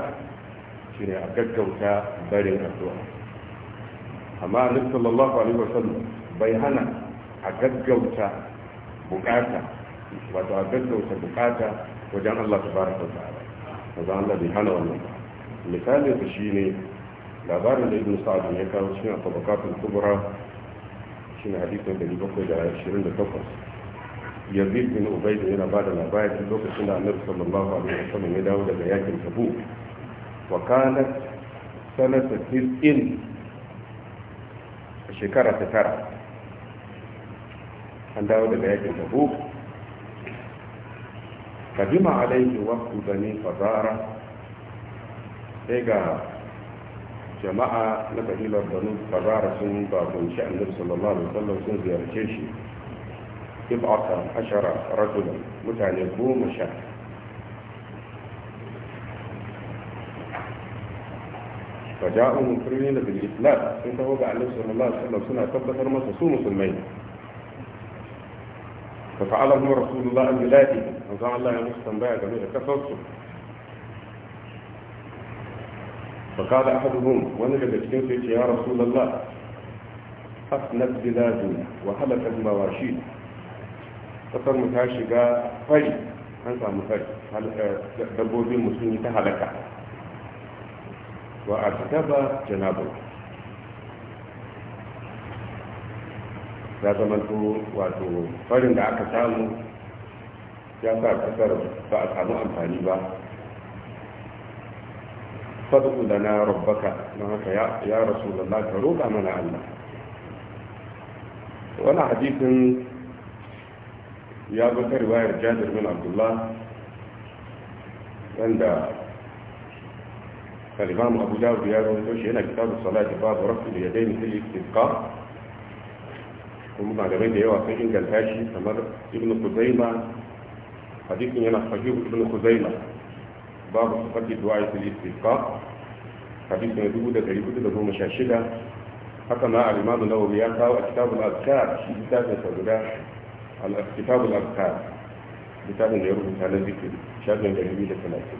shi ne a gaggauta bayanin addu'a amma annabi sallallahu alaihi wasallam bai hana a gaggauta bukata wato a gaggauta bukata wajen Allah tabaraka wa ta'ala maza Allah bai hana wannan misalin su shine labarin da ibn sa'ad ya kawo cikin tabaqatul kubra shine hadisin 728 yazid bin ubaid yana ba da labari lokacin da annabi sallallahu alaihi wasallam ya dawo daga yakin tabu wa kanat sanata tis'in shekara ta tara an dawo daga yakin tabu فبما عليه وقت بني فزارة إيجا جماعة نبهيل بنو فزارة سن بابن شأن النبي صلى الله عليه وسلم سن زيار جيشي إبعطا عشر رجلا متعنبو مشاك فجاءوا مكرمين بالإفلاس انتهوا بأن نبي صلى الله عليه وسلم سنة تبقى ترمى سسو مسلمين fa fa'ala hum rasulullah an biladi manzo Allah ya musu tambaya game da kasarsu fa kada ahaduhum wani daga cikin su yace ya rasulullah asnat biladuna wa halakat mawashid kasar mu ta shiga fari an samu fari dabbobin sun yi ta halaka Ba a fita kataba janabu ya zama wato farin da aka samu ya sa kasar ba a samu amfani ba fadu da na rabbaka na haka ya rasu da na roƙa mana allah wani hadisin ya zo ta riwayar jabir bin abdullah wanda kalimamu abu dawud ya rawaito shi yana kitabu salati babu rafi da yadaini fil istiqa kuma game da yawa sun inganta shi kamar ibn kuzaima hadisin yana sahihu ibn kuzaima babu su sifati du'a fil istiqa hadisin ya dubu da dari hudu da goma sha shida haka na alimadu na wuri ya kawo a kitabun azkar shi littafin sa guda al-kitabul azkar littafin da ya rubuta na zikiri shafin da ribi da talatin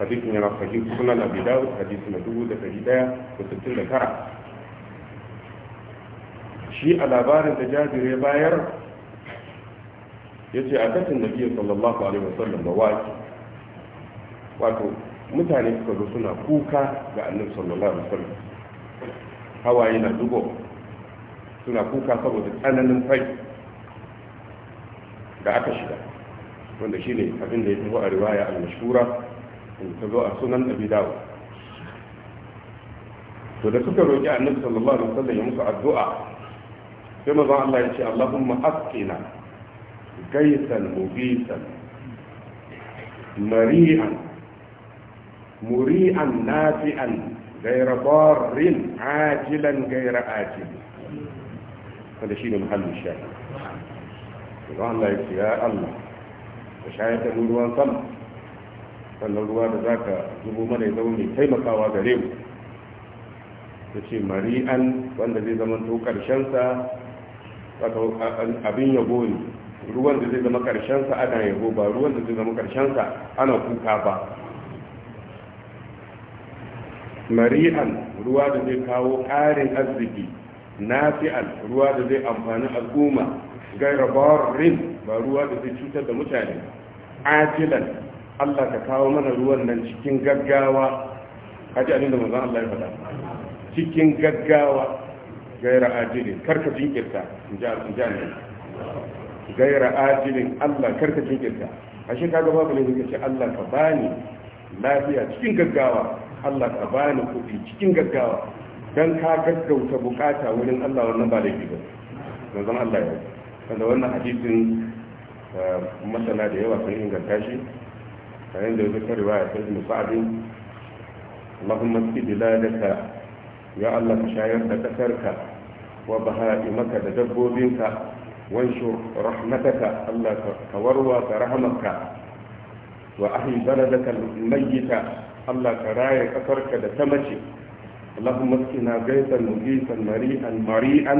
hadisin yana sahihu sunan abidawu dawud hadisin na dubu da dari daya da sittin da tara shi a labarin da jabir ya bayar ya ce a katin nabi sallallahu alaihi wasallam da waki wato mutane suka zo suna kuka ga annabi sallallahu alaihi wasallam hawaye na dubo suna kuka saboda tsananin fai da aka shiga wanda shine abin da ya tafi a riwaya al-mashhura ta zo a sunan abi dawo to da suka roki annabi sallallahu alaihi wasallam ya musu addu'a sai mazan Allah ya ce Allahumma haskina gaisan mubisan mari'an muri'an nafi'an gaira barin ajilan gaira ajil wanda shi ne muhallin shayi mazan Allah ya ce ya Allah ka shayar da ruwan sama sannan ruwa da za ka zubo mana ya zama mai taimakawa gare mu ta ce mari'an wanda zai zama to ƙarshensa wato abin yabo ne ruwan da zai zama karshensa ana yabo ba ruwan da zai zama karshensa ana kuka ba mari'an ruwa da zai kawo ƙarin arziki nafi'an ruwa da zai amfani al'umma gaira barin ba ruwa da zai cutar da mutane ajilan allah ka kawo mana ruwan nan cikin gaggawa haji abin da manzan allah ya faɗa cikin gaggawa gaira ajilin karka jinkirta in ja ne gaira ajilin Allah karka jinkirta ashe kaga babu ne kace Allah ka bani lafiya cikin gaggawa Allah ka bani kuɗi cikin gaggawa don ka gaggauta bukata wurin Allah wannan ba laifi ba na zan Allah ya wanda wannan hadisin eh, masana da yawa sun inganta shi kayan da yake riwaya ta Ibn Sa'd اللهم اسقي بلادك ya Allah ka shayar da ƙasarka wa baha'imaka da dabbobinka wanshur rahmataka Allah ka warwa ka rahamarka wa ahli baladaka mayyita Allah ka raya ƙasarka da ta mace اللهم اسقنا غيثا مغيثا مريئا مريئا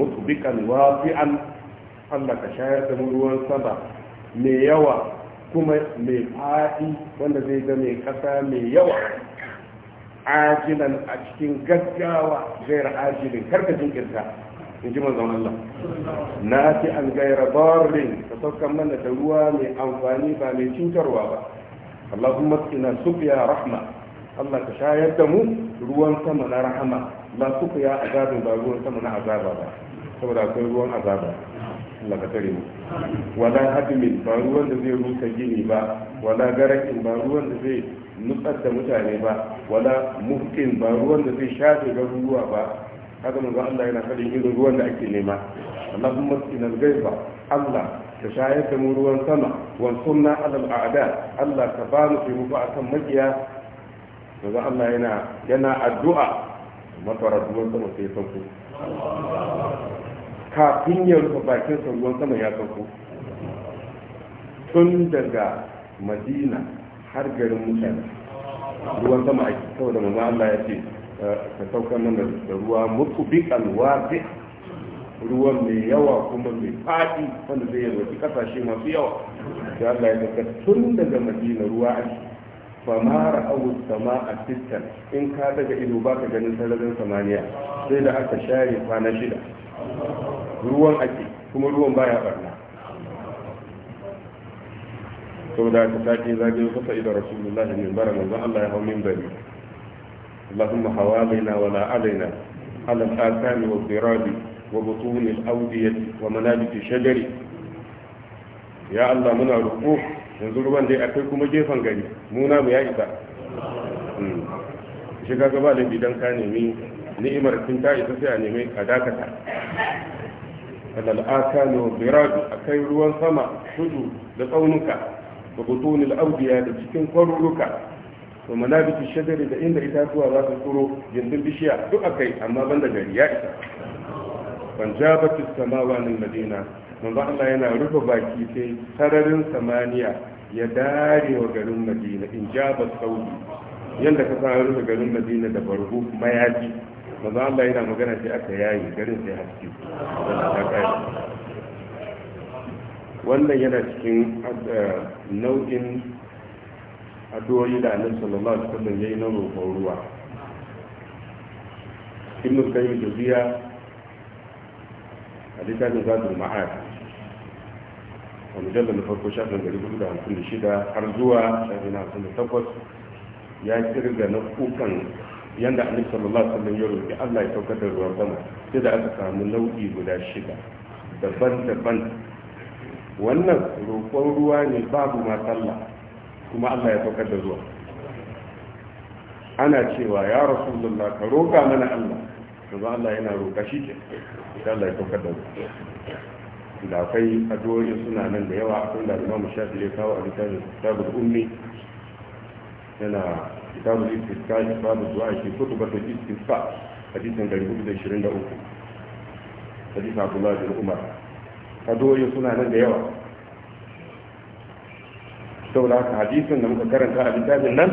مسبقا وافئا الله كشاية مروان سبا مي يوى كما مي فائي وانا زي مي قسا مي يوى ajilan a cikin gaggawa gairar ajilin karka jinkirta in ji manzon Allah na fi an gaira barin ka saukan mana da ruwa mai amfani ba mai cutarwa ba Allahumma ina sufiya rahma Allah ka shayar da mu ruwan sama na rahama ba sufiya azabin ba ruwan sama na azaba ba saboda akwai ruwan azaba Allah ka tare mu wala hadimin ba ruwan da zai rusa gini ba wala garakin ba ruwan da zai Nufar da mutane ba wala muhtin ba ruwan da zai shafe ruwa ba kaga manzo Allah yana faɗin irin ruwan da ake nema Allahumma sinal gaiba Allah ka shayar da mu ruwan sama wa sunna alal a'da Allah ka ba mu taimako akan makiya manzo Allah yana yana addu'a matara ruwan sama sai sauko kafin ya rufe bakin sa ruwan sama ya sauko tun daga Madina har garin mutane ruwan sama ake saboda manzo Allah ya ce ka saukar nan da ruwa mutubik alwazi ruwan mai yawa kuma mai fadi wanda zai yi wasu kasashe masu yawa da Allah ya ka tun daga Madina ruwa ake famara awu sama a sistan in ka daga ido ba ka ganin sararin samaniya sai da aka share kwana shida ruwan ake kuma ruwan baya barna saboda ka sake zage su fa idan rasulullahi min bara manzo Allah ya hau min bari Allahumma wa wala alaina ala al-asami wa dirabi wa butun al-awdiyati wa manabit shajari ya Allah muna roƙo yanzu ruwan dai akwai kuma gefen gari mu na mu ya isa hmm. shi kaga ba laifi dan ka nemi ni'imar tun ta isa sai a nemi a dakata alal akani wa biradu akai ruwan sama tudu da tsaunuka wa butunil awdiya da cikin kwaruruka wa manabiti shajari da inda itatuwa za su tsoro gindin bishiya duk akai amma banda gari ya isa ban jabatu samawa lil madina manzo Allah yana rufe baki sai sararin samaniya ya dare wa garin madina in jaba saudi yanda ka san rufe garin madina da barbu mayaji manzo Allah yana magana sai aka yayi garin sai haske wannan yana cikin eh, nau'in addu'o'i da annabi sallallahu alaihi wasallam yayi na roƙon ruwa ibnu qayyim juziya a littafin zadul ma'ad wa mujallal na farko shafin gari hudu da hamsin da shida har zuwa shafin hamsin da takwas ya kirga na kukan yadda annabi sallallahu alaihi wasallam ya roƙi Allah ya saukar da ruwan sama sai da aka samu nau'i guda shida daban-daban wannan roƙon ruwa ne babu ma kuma Allah ya saukar da zuwa ana cewa ya rasu, rasulullah ka roƙa mana Allah yanzu Allah yana roƙa shi ke da Allah ya saukar da zuwa da akwai addu'o'i suna nan da yawa akwai da Imam Shafi'i ya kawo a littafin Kitabul Ummi yana Kitabul Istisqa babu du'a shi kutubatul Istisqa hadisin 423 hadisin Abdullahi bin Umar addu'o'in suna nan da yawa saboda haka hadisin da muka karanta a littafin nan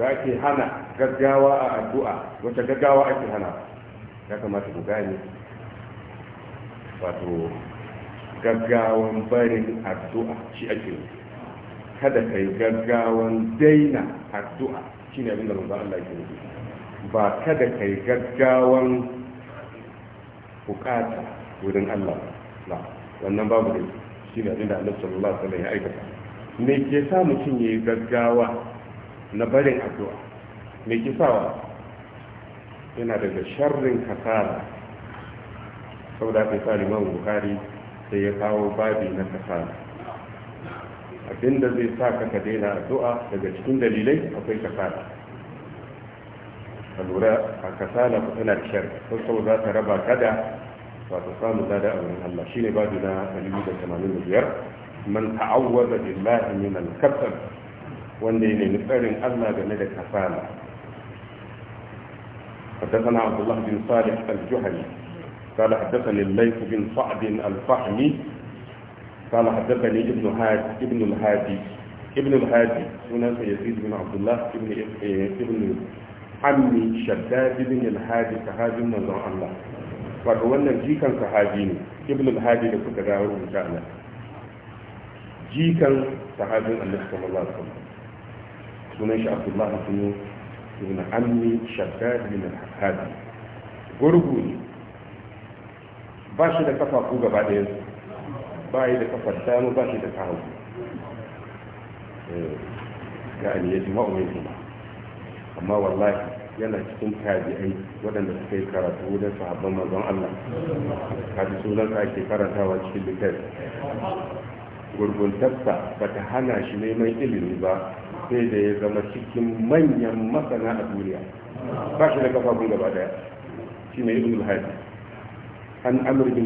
da ake hana gaggawa a addu'a wata gaggawa ake hana ya kamata ku gane wato gaggawan barin addu'a shi ake kada kai gaggawan daina addu'a shi ne abinda manzo Allah yake nufi ba kada kai gaggawan bukata wurin Allah wannan babu da shi ne abinda annabi sallallahu alaihi wasallam ya aikata me ke sa mutum yayi gaggawa na barin addu'a me ke wa? yana daga sharrin kasara saboda kai sa limamu bukari sai ya kawo babi na kasara abinda zai sa ka ka daina addu'a daga cikin dalilai akwai kasara ka lura a kasala ku tana da shari'a sau za ta raba kada wato samun lada a wurin Allah ne babu na 185 man ta'awwaza billahi min al-kasal wanda ya nemi tsarin Allah game da kasala حدثنا عبد الله بن صالح الجهني قال حدثني الليث بن صعد الفحمي قال حدثني ابن هادي ابن الهادي ابن الهادي هنا يزيد بن عبد الله ابن ابن عمي شداد بن الهادي كهادي من الله wato wannan jikan sahabi ne ibn al-hadi da kuka ga rubuta nan jikan sahabin annabi sallallahu alaihi wasallam sunan shi abdullahi ibn ibn ammi shaddad min al-hadi gurgu ne ba shi da kafafu gaba ɗaya ba yi da kafar dama ba shi da kawo eh, ga an yaji ma'umin kuma amma wallahi yana cikin tabi'ai waɗanda suka yi karatu wajen sahabban mazan Allah kaji sunan ake karantawa cikin littafi gurguntarsa ba ta hana shi neman ilimi ba sai da ya zama cikin manyan masana a duniya ba shi da kafafun gaba daya shi ne ibn al-hadi an amr bin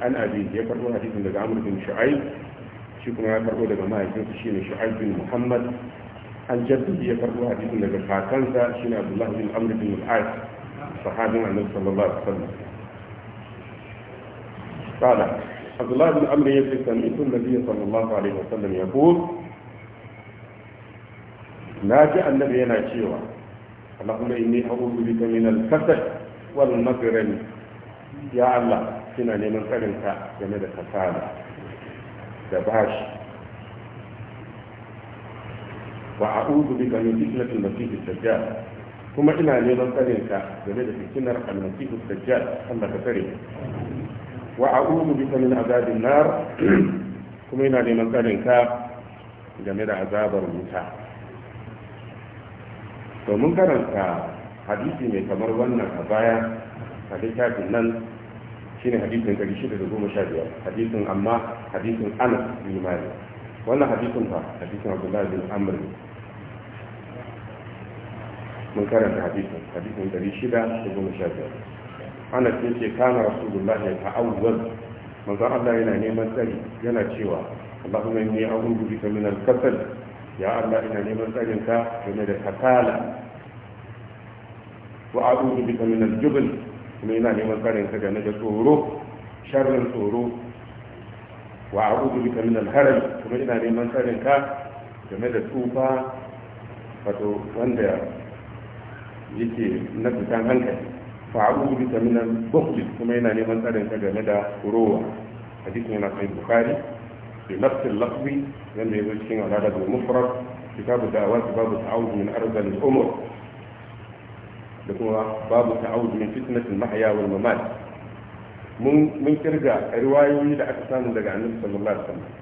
an abi ya karbo hadisin daga amr bin shu'aib shi kuma ya karbo daga mahaifinsa shine shu'aib bin muhammad an jaddi ya karbo hadisin daga kakansa shine Abdullahi bin Amr bin al-As sahabin Annabi sallallahu alaihi wasallam qala Abdullah bin Amr yace sami'tu an-nabiy sallallahu alaihi wasallam yaqul naji annabi yana cewa Allahumma inni a'udhu bika min al-kasal wal maghrib ya Allah kina neman tsarin ka game da da bashi wa a'udhu bika min fitnatil masih ad-dajjal kuma ina neman tsare ka game da fitinar al-masih ad-dajjal Allah ka tsare wa a'udhu bika min azabin nar [clears throat] kuma ina neman tsare ka game da azabar wuta to mun karanta hadisi mai kamar wannan a baya a littafin nan shine hadisin 615 hadisin amma hadisin anas bin malik wannan hadisin fa hadisin abdullahi bin amr mun karanta hadisin hadisin 615 anas ya ce kana rasulullah ta ta'awwaz manzon Allah yana neman tsari yana cewa Allahumma inni a'udhu bika min al-kasal ya Allah ina neman tsarin ka game da kasala wa a'udhu bika min al-jubn kuma ina neman tsarin ka game da tsoro sharrin tsoro wa a'udhu bika min al kuma ina neman tsarin ka game da tufa wato wanda yake na fitan hankali fa a'udhu bika min al kuma ina neman tsarin ka game da rowa hadisi yana sahih bukhari bi nafs al-lafz wanda yazo cikin al-adab al-mufrad kitabu da'awat babu ta'awud min ardh al-umur da kuma babu ta'awud min fitnat al-mahya wal mamat mun kirga riwayoyi da aka samu daga annabi sallallahu alaihi wasallam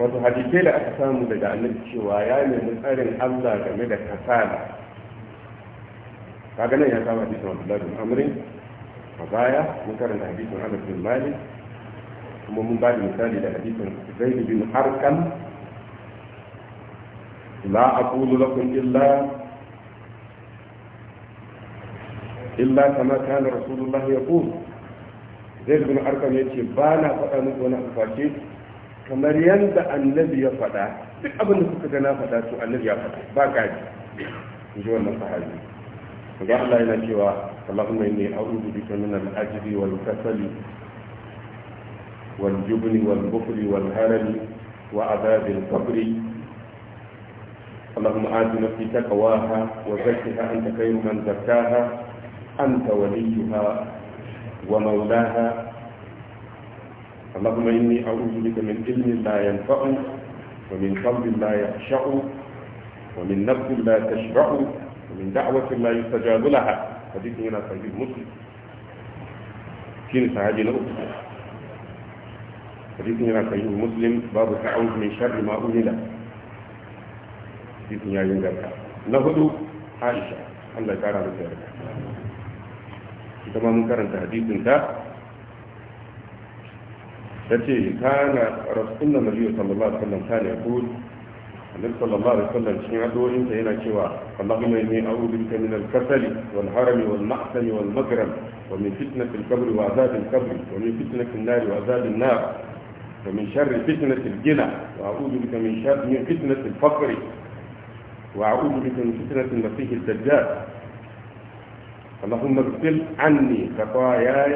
wato hadisai da aka samu daga annabi cewa ya nemi tsarin Allah game da kasala kaga nan ya samu hadisin Abdullah bin amri a baya mun karanta hadisin Anas bin Malik kuma mun ba da misali da hadisin Zaid bin Arqam la aqulu lakum illa illa kama kana rasulullahi yaqulu zai bin harkar ya ce ba na faɗa muku wani alfashe kamar yadda annabi ya faɗa duk abin da kuka na faɗa to annabi ya faɗa ba gaji in ji wannan sahabi ga Allah yana cewa Allahumma inni a'udhu bika min al-ajri wal kasali wal jubni wal bukhli wal harami wa adhab al-qabr Allahumma atina fi taqwaha wa zakkiha anta khayru man zakkaha anta waliyuha ومولاها اللهم إني أعوذ بك من علم لا ينفع ومن قلب لا يخشع ومن نفس لا تشبع ومن دعوة لا يستجاب لها حديث هنا صحيح مسلم كين صحابي نقول حديث هنا صحيح مسلم باب التعوذ من شر ما أولي له حديث هنا ينقل نهدو عائشة الله تعالى بذلك ita ma mun karanta hadisin ta tace kana rasulun nabi sallallahu alaihi wasallam kana yaqul annabi sallallahu alaihi wasallam cikin addu'o'in sa yana cewa Allahumma inni a'udhu bika min al-kasal wal harami wal ma'sam wal magram wa min fitnati al-qabr wa azab al-qabr wa min fitnati an-nar wa azab an-nar wa min sharri fitnati al-ghina wa a'udhu bika min sharri min fitnati al-faqr wa a'udhu bika min fitnati al-masih ad-dajjal اللهم اغفر عني خطاياي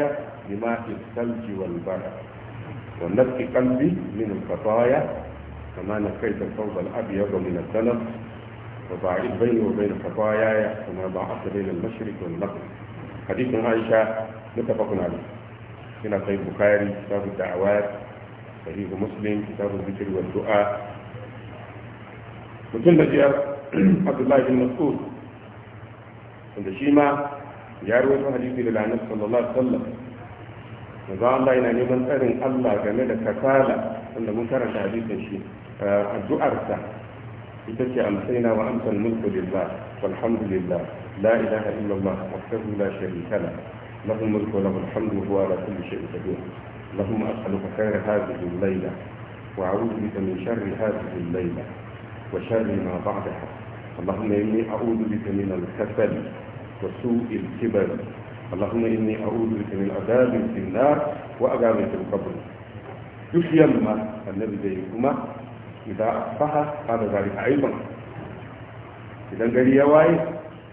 بماء الثلج والبرد ونسك قلبي من الخطايا كما نقيت الفوضى الابيض من الذنب وباعد بيني وبين خطاياي كما باعدت بين المشرق والمغرب حديث عائشه متفق عليه هنا في البخاري كتاب الدعوات صحيح مسلم كتاب الذكر والدعاء mutum da عبد الله بن مسعود عند shi ya rawaito hadisi daga annabi sallallahu alaihi wasallam manzo Allah yana neman tsarin Allah game da kasala wanda mun karanta hadisin shi addu'arsa ita ce amsaina wa amsal mulku lillah walhamdulillah la ilaha illallah wahdahu la sharika la له الملك وله الحمد وهو على كل شيء قدير اللهم اسالك خير هذه الليله واعوذ بك من شر هذه الليله وشر ما بعدها اللهم اني اعوذ بك من الكسل وسوء الكبر اللهم إني أعوذ بك من عذاب في النار وعذاب في القبر يشيا ما النبي زيكما إذا أصبح قال ذلك أيضا إذا قال يا واي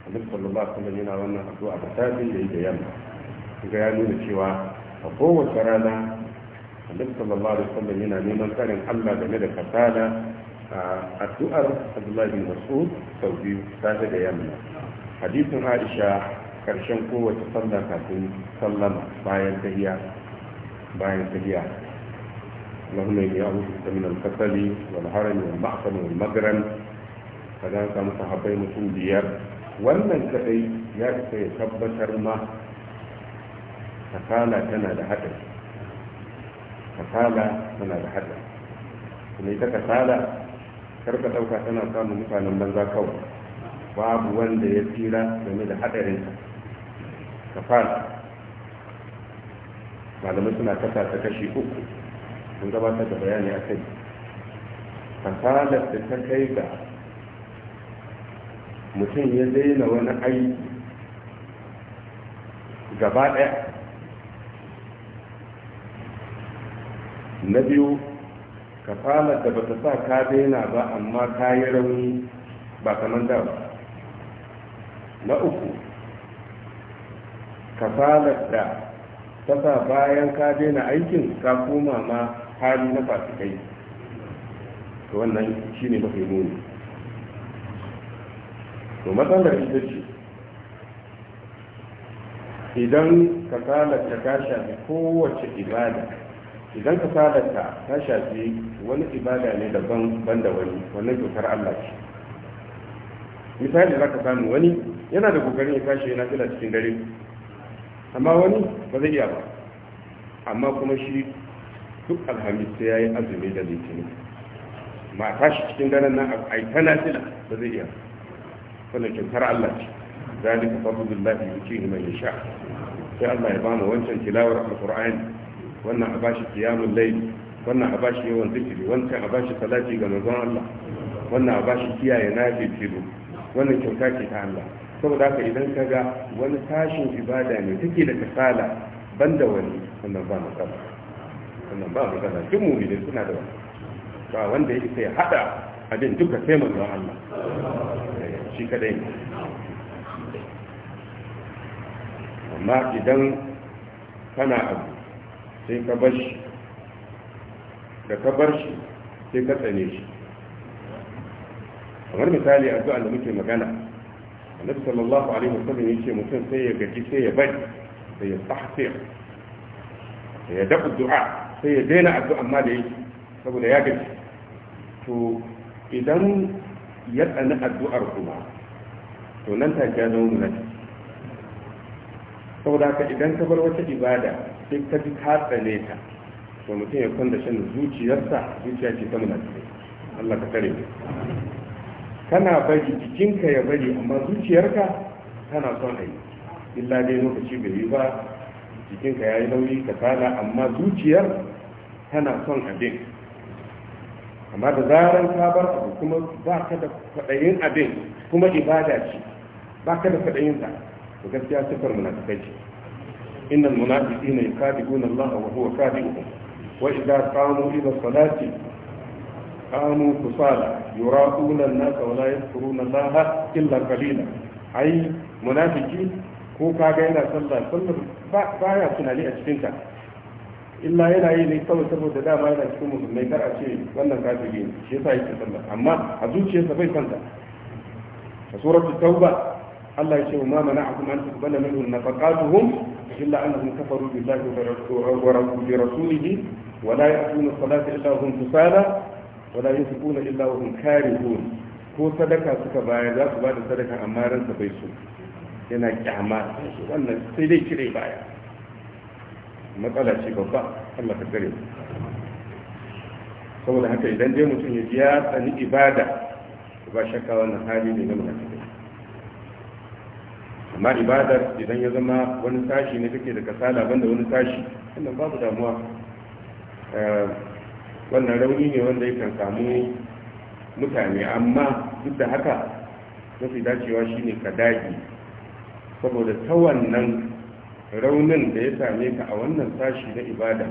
النبي صلى الله عليه وسلم ينعى وانا أدعو أبتاتي ليجا يما إذا يعنون شوا فقوة سرانا النبي صلى الله عليه وسلم ينعى نيمان كان الله بمدى كسالة addu'ar abdullahi bin mas'ud sau biyu safe da yamma hadisin aisha karshen kowace sallar صلى sallama bayan tahiya bayan tahiya اللهم إني أعوذ بك من الكسل والهرم والمعصم والمجرم فدان كان صحابي مسلم ديار وانا الكسل يأتي يشب شرما فقال كنا لحدا فقال كنا لحدا فليتك قال كربت أوكا كنا كانوا مفعلا من ذا كوم babu wanda ya tsira game da hadarinsa kafara malamai suna kasa ta kashi uku sun gabatar da bayani a kai kafalar da ta kai ga mutum ya daina wani aiki gaba ɗaya na biyu kafalar da ba ta sa ka daina ba amma ka yi rauni ba kamar da ba na uku kafalar da ta sa bayan ka daina aikin ka koma ma hali na fasikai to wannan ne mafi muni to matsalar ita ce idan kasalar ta ka shafi kowace ibada idan kasalar ta ta shafi wani ibada ne daban ban da wani wannan cutar Allah ce misali za ka samu wani yana da kokarin ya tashi yana fila cikin dare amma wani ba zai iya ba amma kuma shi duk alhamis sai ya yi azumi da litinin ma a tashi cikin daren nan a yi tana fila ba zai iya wannan kyautar allah ce za ذلك فضل الله يؤتيه من يشاء sai Allah ya bamu wancan tilawar alqur'ani wannan a bashi kiyamun laifi, wannan a bashi yawan zikiri wancan a bashi salati ga manzon Allah wannan a bashi kiyaye na nafi tilu wannan kyauta ke ta Allah saboda haka idan ka ga wani tashin ibada ne take da kasala da wani wannan ba matsala wannan ba matsala duk mu'mini suna da wani ba wanda yake sai hada abin duka sai manzon Allah eh, shi kadai amma idan kana abu sai ka bar shi da ka bar shi sai ka tsane shi kamar misali addu'a da muke magana annabi sallallahu alaihi wasallam ce mutum sai ya gaji sai ya bari sai ya tahsir sai ya dabu du'a sai ya daina addu'a amma da yake saboda ya gaji to idan ya tsani addu'ar kuma to nan ta ga zama munafiki saboda haka idan ka bar wata ibada sai ka ji ka tsane ta to mutum ya kwanda shan zuciyarsa zuciya ce ta munafiki Allah ka kare mu kana bari jikinka ya bari amma zuciyarka tana son a yi illa dai lokaci bai yi ba jikinka ya yi nauyi ka tsada amma zuciyar tana son abin amma da zarar ka bar abu kuma ba ka da kwaɗayin abin kuma ibada ce ba ka da kwaɗayin ta to gaskiya sifar munafikai ce innal munafiqina yukadibuna Allah wa huwa kadibuhum wa idza qamu ila salati kanu kusala yura'una an-nasa wa la yadhkuruna Allah illa qalila ai munafiki ko kaga yana sallah sallar baya tunani a cikin ta illa yana yi ne kawai saboda dama yana cikin musulmai kar a ce wannan kafiri ne shi yasa yake sallah amma a zuciyarsa bai santa a suratul tauba Allah ya ce ma mana'akum an tuqbala minhum nafaqatuhum illa annahum kafaru billahi wa rasulihi wa la ya'tuna salata illa hum kusala wala yunfiquna illa wa hum karihun ko sadaka suka bayar za su bada sadaka amma ransa bai so yana kyama wannan sai dai kire baya matsala ce babba Allah ka kare saboda haka idan dai mutum ya biya tsani ibada ba shakka wannan hali ne na munafikai amma ibadar idan ya zama wani tashi ne kake da kasala banda wani tashi wannan babu damuwa eh, wannan rauni ne wanda ya kan samu mutane amma duk da haka mafi dacewa shine ka dage saboda ta wannan raunin da ya same ka a wannan sashi na ibada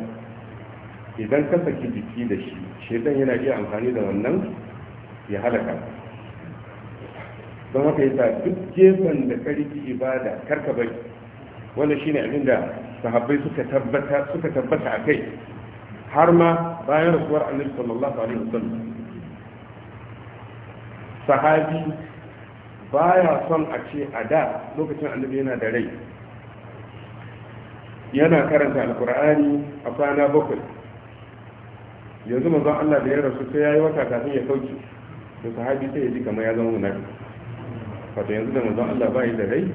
idan ka saki jiki da shi shaitan yana iya amfani da wannan ya halaka don haka yasa duk gefen da ka riki ibada karka bai wanda shine abin da sahabbai suka tabbata a kai har ma bayan rasuwar annabi sallallahu alaihi wasallam sahabi baya son a ce a da lokacin annabi yana da rai yana karanta alkur'ani a kwana bakwai yanzu manzon Allah da ya rasu sai yayi wata kafin ya sauke da sahabi sai ya ji kamar ya zama munafiki wato yanzu da manzon Allah bai da rai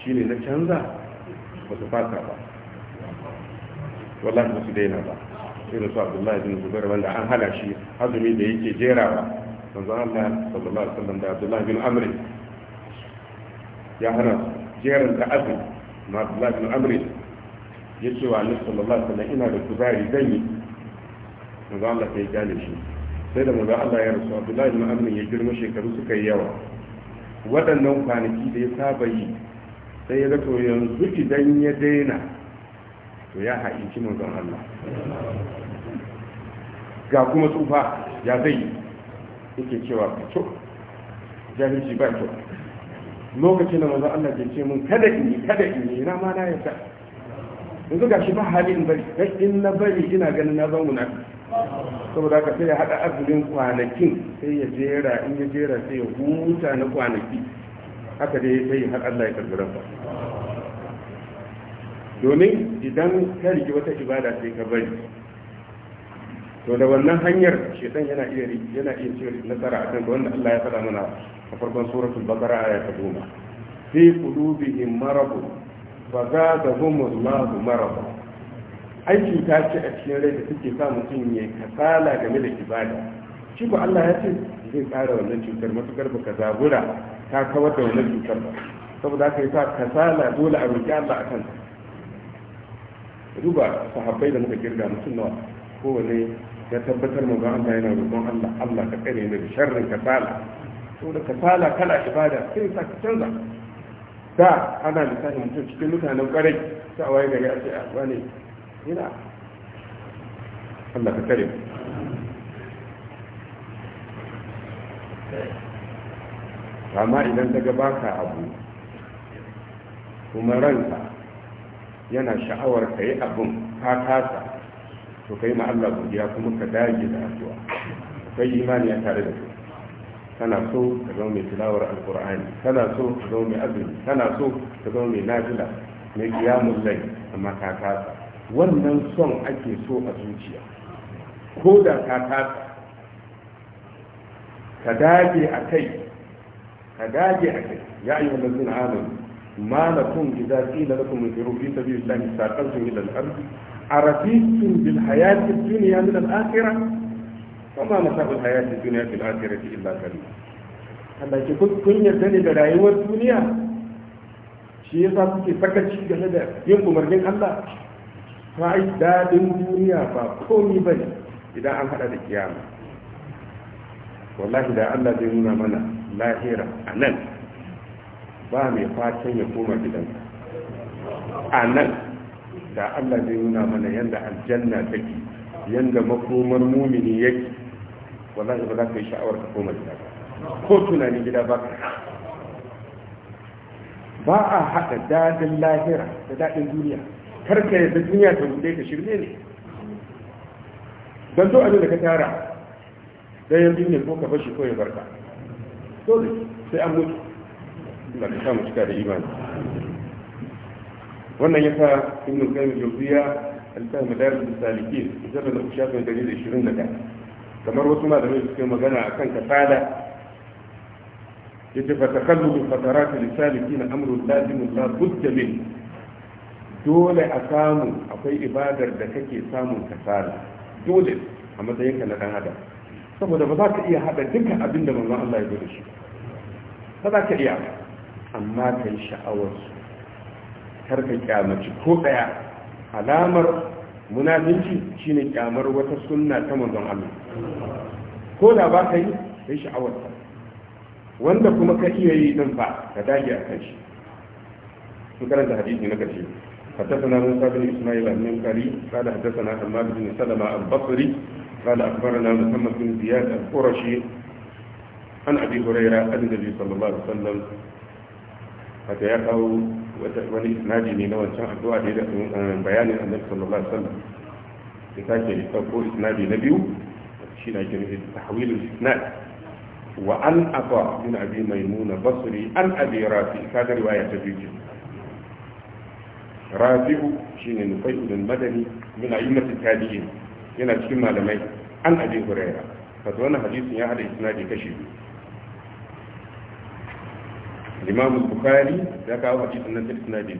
shine na canza ba su fata ba wallahi ba su daina ba irin su abdullahi bin zubair wanda an hana shi azumi da yake jerawa manzo Allah sallallahu alaihi wasallam da abdullahi bin amr ya hana jerin da azumi ma abdullahi bin amr ya ce wa annabi sallallahu alaihi wasallam ina da kuzari zan yi manzo Allah sai gane shi sai da manzo Allah ya rasu abdullahi bin amr ya girma shekaru suka yi yawa waɗannan kwanaki da ya saba yi sai ya zato yanzu idan ya daina to ya haici manzon Allah ga kuma tsufa ya zai yake cewa fito jahilci ba kyau lokacin da manzon Allah ke ce mun kada in yi kada in yi na ma na yasa yanzu ga shi ba hali in bari dan in na bari ina ganin na zan wuna saboda ka sai ya haɗa azumin kwanakin sai ya jera in ya jera sai ya huta na kwanaki haka dai sai ya har Allah ya karbi ransa domin idan ka wata ibada sai ka bari to da wannan hanyar shedan yana iya yana iya cewa nasara akan wanda Allah ya faɗa mana a farkon suratul baqara aya ta 10 fi qulubihim marad fa zadahum Allahu marad ai cuta ce a cikin rai da take sa mutum ya kasala game da ibada shi ba Allah ya ce zai tsara wannan cutar matukar baka zabura ta kawar da wannan cutar ba saboda haka yasa kasala dole a roki Allah akan ta duba sahabbai da muka girga mutum nawa kowane ya tabbatar mu ga Allah yana roƙon Allah Allah ka kare ni da sharrin kasala da kasala kala ibada sai sa ka canza da ana sani mutum cikin mutanen ƙarai. sai a waye gari a ce a ah, ne? ina Allah ka kare mu amma idan ta ga baka abu kuma ranka yana sha'awar ka yi abin ka kasa to kai ma Allah godiya kuma ka dage da addu'a kai imani ya tare da kai kana so ka zama mai tilawar alkur'ani kana so ka zama mai azumi kana so ka zama mai nafila mai kiyamun lai amma ka kasa wannan son ake so a zuciya ko da ka kasa ka dage a kai ka dage a kai ya yi wannan sun amini Malakun لكم إذا قيل لكم انفروا في سبيل الله استاقلتم إلى الأرض أرفيتم بالحياة الدنيا من الآخرة وما متاع الحياة الدنيا في الآخرة إلا قليل Allah ke kun ne da rayuwar duniya shi yasa kuke sakaci game da yin umarnin Allah ta daɗin duniya ba komi ba ne idan an haɗa da kiyama wallahi da Allah zai nuna mana lahira a nan ba mai fatan ya koma gidansa a nan da Allah zai nuna mana yadda aljanna take yadda makomar mumini yake wallahi ba za ka yi sha'awar ka koma gida ko tunanin gida ba ka ba a haɗa dadin lahira da dadin duniya karka yadda duniya ta buɗe ka shirme ne don zo abin da ka tara ɗayan biyu ne ko ka bashi ko ya barka dole sai an mutu da ka samu cika da imani wannan ya sa ibn qayyim jawziya al-kalam madaris salikin mujallad na shafin 121 kamar wasu malamai suke magana akan kasala yace fa takallu fatarat lisalikin amrun lazim la budda min dole a samu akwai ibadar da kake samun kasala dole a matsayin ka na dan adam saboda ba za ka iya hada duka abin da manzon Allah ya zo da shi ba za ka iya amma ka yi sha'awarsu kar ka kyamaci ko ɗaya alamar munafinci shine kyamar wata sunna ta manzon Allah ko da ba ka yi ka yi sha'awarsa wanda kuma ka iya yi din ba ka dage a kai shi sun karanta hadisi na ƙarshe حدثنا موسى بن اسماعيل المنكري قال حدثنا حماد بن سلمة البصري قال اخبرنا محمد بن زياد القرشي عن ابي هريره عن النبي صلى الله عليه وسلم haka ya kawo wani isnadi ne na wancan addu'a da um, bayanin annabi sallallahu alaihi wasallam sai sake ɗauko isnadi na biyu shi na kiri tahwilul isnad wa an aba min abi maimuna basri an abi rafi kada riwaya ta biyu rafi'u shine nufai'u bin madani min a'immati tabi'in yana cikin malamai an abi huraira wato wannan hadisin ya hada isnadi kashi biyu imam bukhari ya kawo hadisin nan cikin sanadi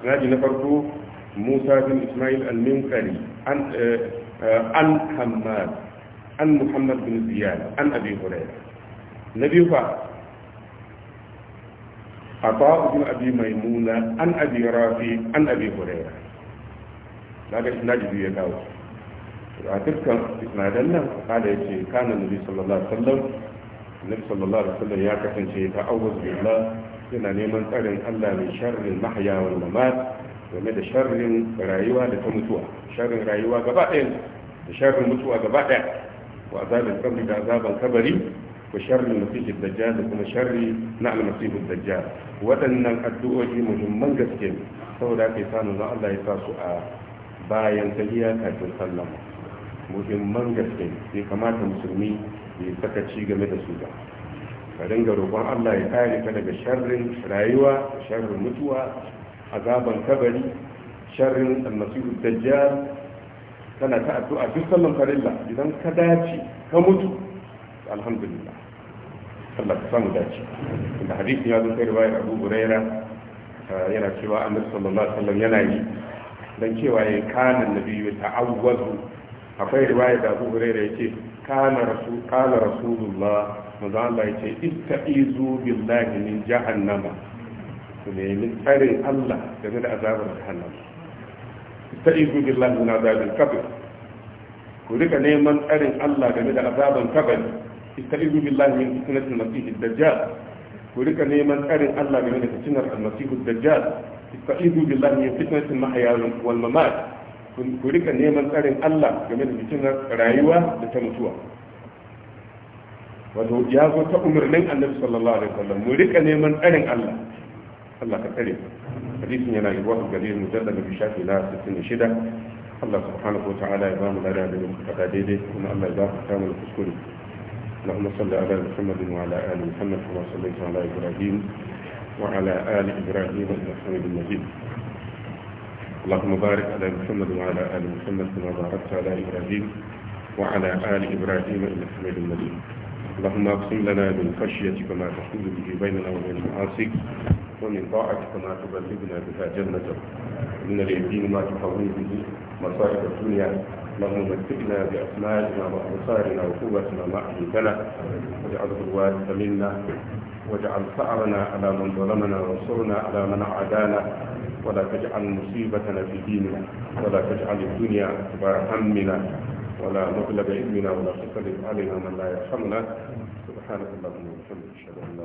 sanadi na farko musa bin ismail al-minkari an eh, an hammad an muhammad bin ziyad an عطاء بن أبي ميمونة عن أبي رافي عن أبي هريرة لا إسناد بي داود تلك إسناد لنا قال كان النبي صلى الله عليه وسلم annabi sallallahu alaihi wasallam ya kasance ta awwaz billah yana neman tsarin Allah min sharrin mahya wal mamat game da sharrin rayuwa da ta mutuwa sharrin rayuwa gaba ɗaya da sharrin mutuwa gaba ɗaya wa azabin kabri da azaban kabari wa sharrin masihid dajjal da kuma sharri na almasihid dajjal waɗannan addu'o'i muhimman gaske ne saboda ake samu na Allah ya sa su a bayan tahiya kafin sallama muhimman gaske ne kamata musulmi bai sakaci game da su ba ka dinga roƙon Allah ya kare ka daga sharrin rayuwa sharrin mutuwa azaban kabari sharrin almasihu dajjal kana ta addu'a duk sallan farilla idan ka dace ka mutu alhamdulillah Allah ka samu dace inda hadisi ya zo kai riwayar Abu Buraira, yana cewa Annabi sallallahu alaihi wasallam yana yi dan cewa ya kana nabi ya ta'awwazu akwai riwaya da Abu buraira yake kana rasul kana rasulullah manzo ce iska izu billahi min jahannama ku nemi tsarin Allah daga da azabar jahannama izu billahi min azabin qabr ku rika neman tsarin Allah game da azaban iska izu billahi min fitnatil masih dajjal ku rika neman tsarin Allah game da fitnar al-masih iska izu billahi min fitnatil mahya wal mamat ku rika neman tsarin Allah game da fitinar rayuwa da ta mutuwa wato ya zo ta umarnin annabi sallallahu alaihi wasallam mu rika neman tsarin Allah Allah ka tsare hadisin yana yi wasu gari mujallal da shafi na 66 Allah subhanahu wataala ya ba mu da da muka fada daidai kuma Allah ya ba mu samu kuskure اللهم صل على محمد وعلى ال محمد كما صليت على ابراهيم وعلى ال ابراهيم انك حميد مجيد اللهم بارك على محمد وعلى آل محمد كما باركت على إبراهيم وعلى آل إبراهيم إنك حميد مجيد اللهم اقسم لنا من خشيتك ما تحول به بيننا وبين معاصيك ومن طاعتك ما تبلغنا بها جنتك إن اليمين ما تحول به مصائب الدنيا اللهم متعنا بأسمائنا وأبصارنا وقوتنا ما أحييتنا واجعله الوارث منا واجعل ثأرنا على من ظلمنا وانصرنا على من عادانا ولا تجعل مصيبتنا في ديننا ولا تجعل الدنيا أكبر همنا ولا مبلغ علمنا ولا تسلط علينا من لا يرحمنا سبحانك اللهم وبحمدك اشهد ان لا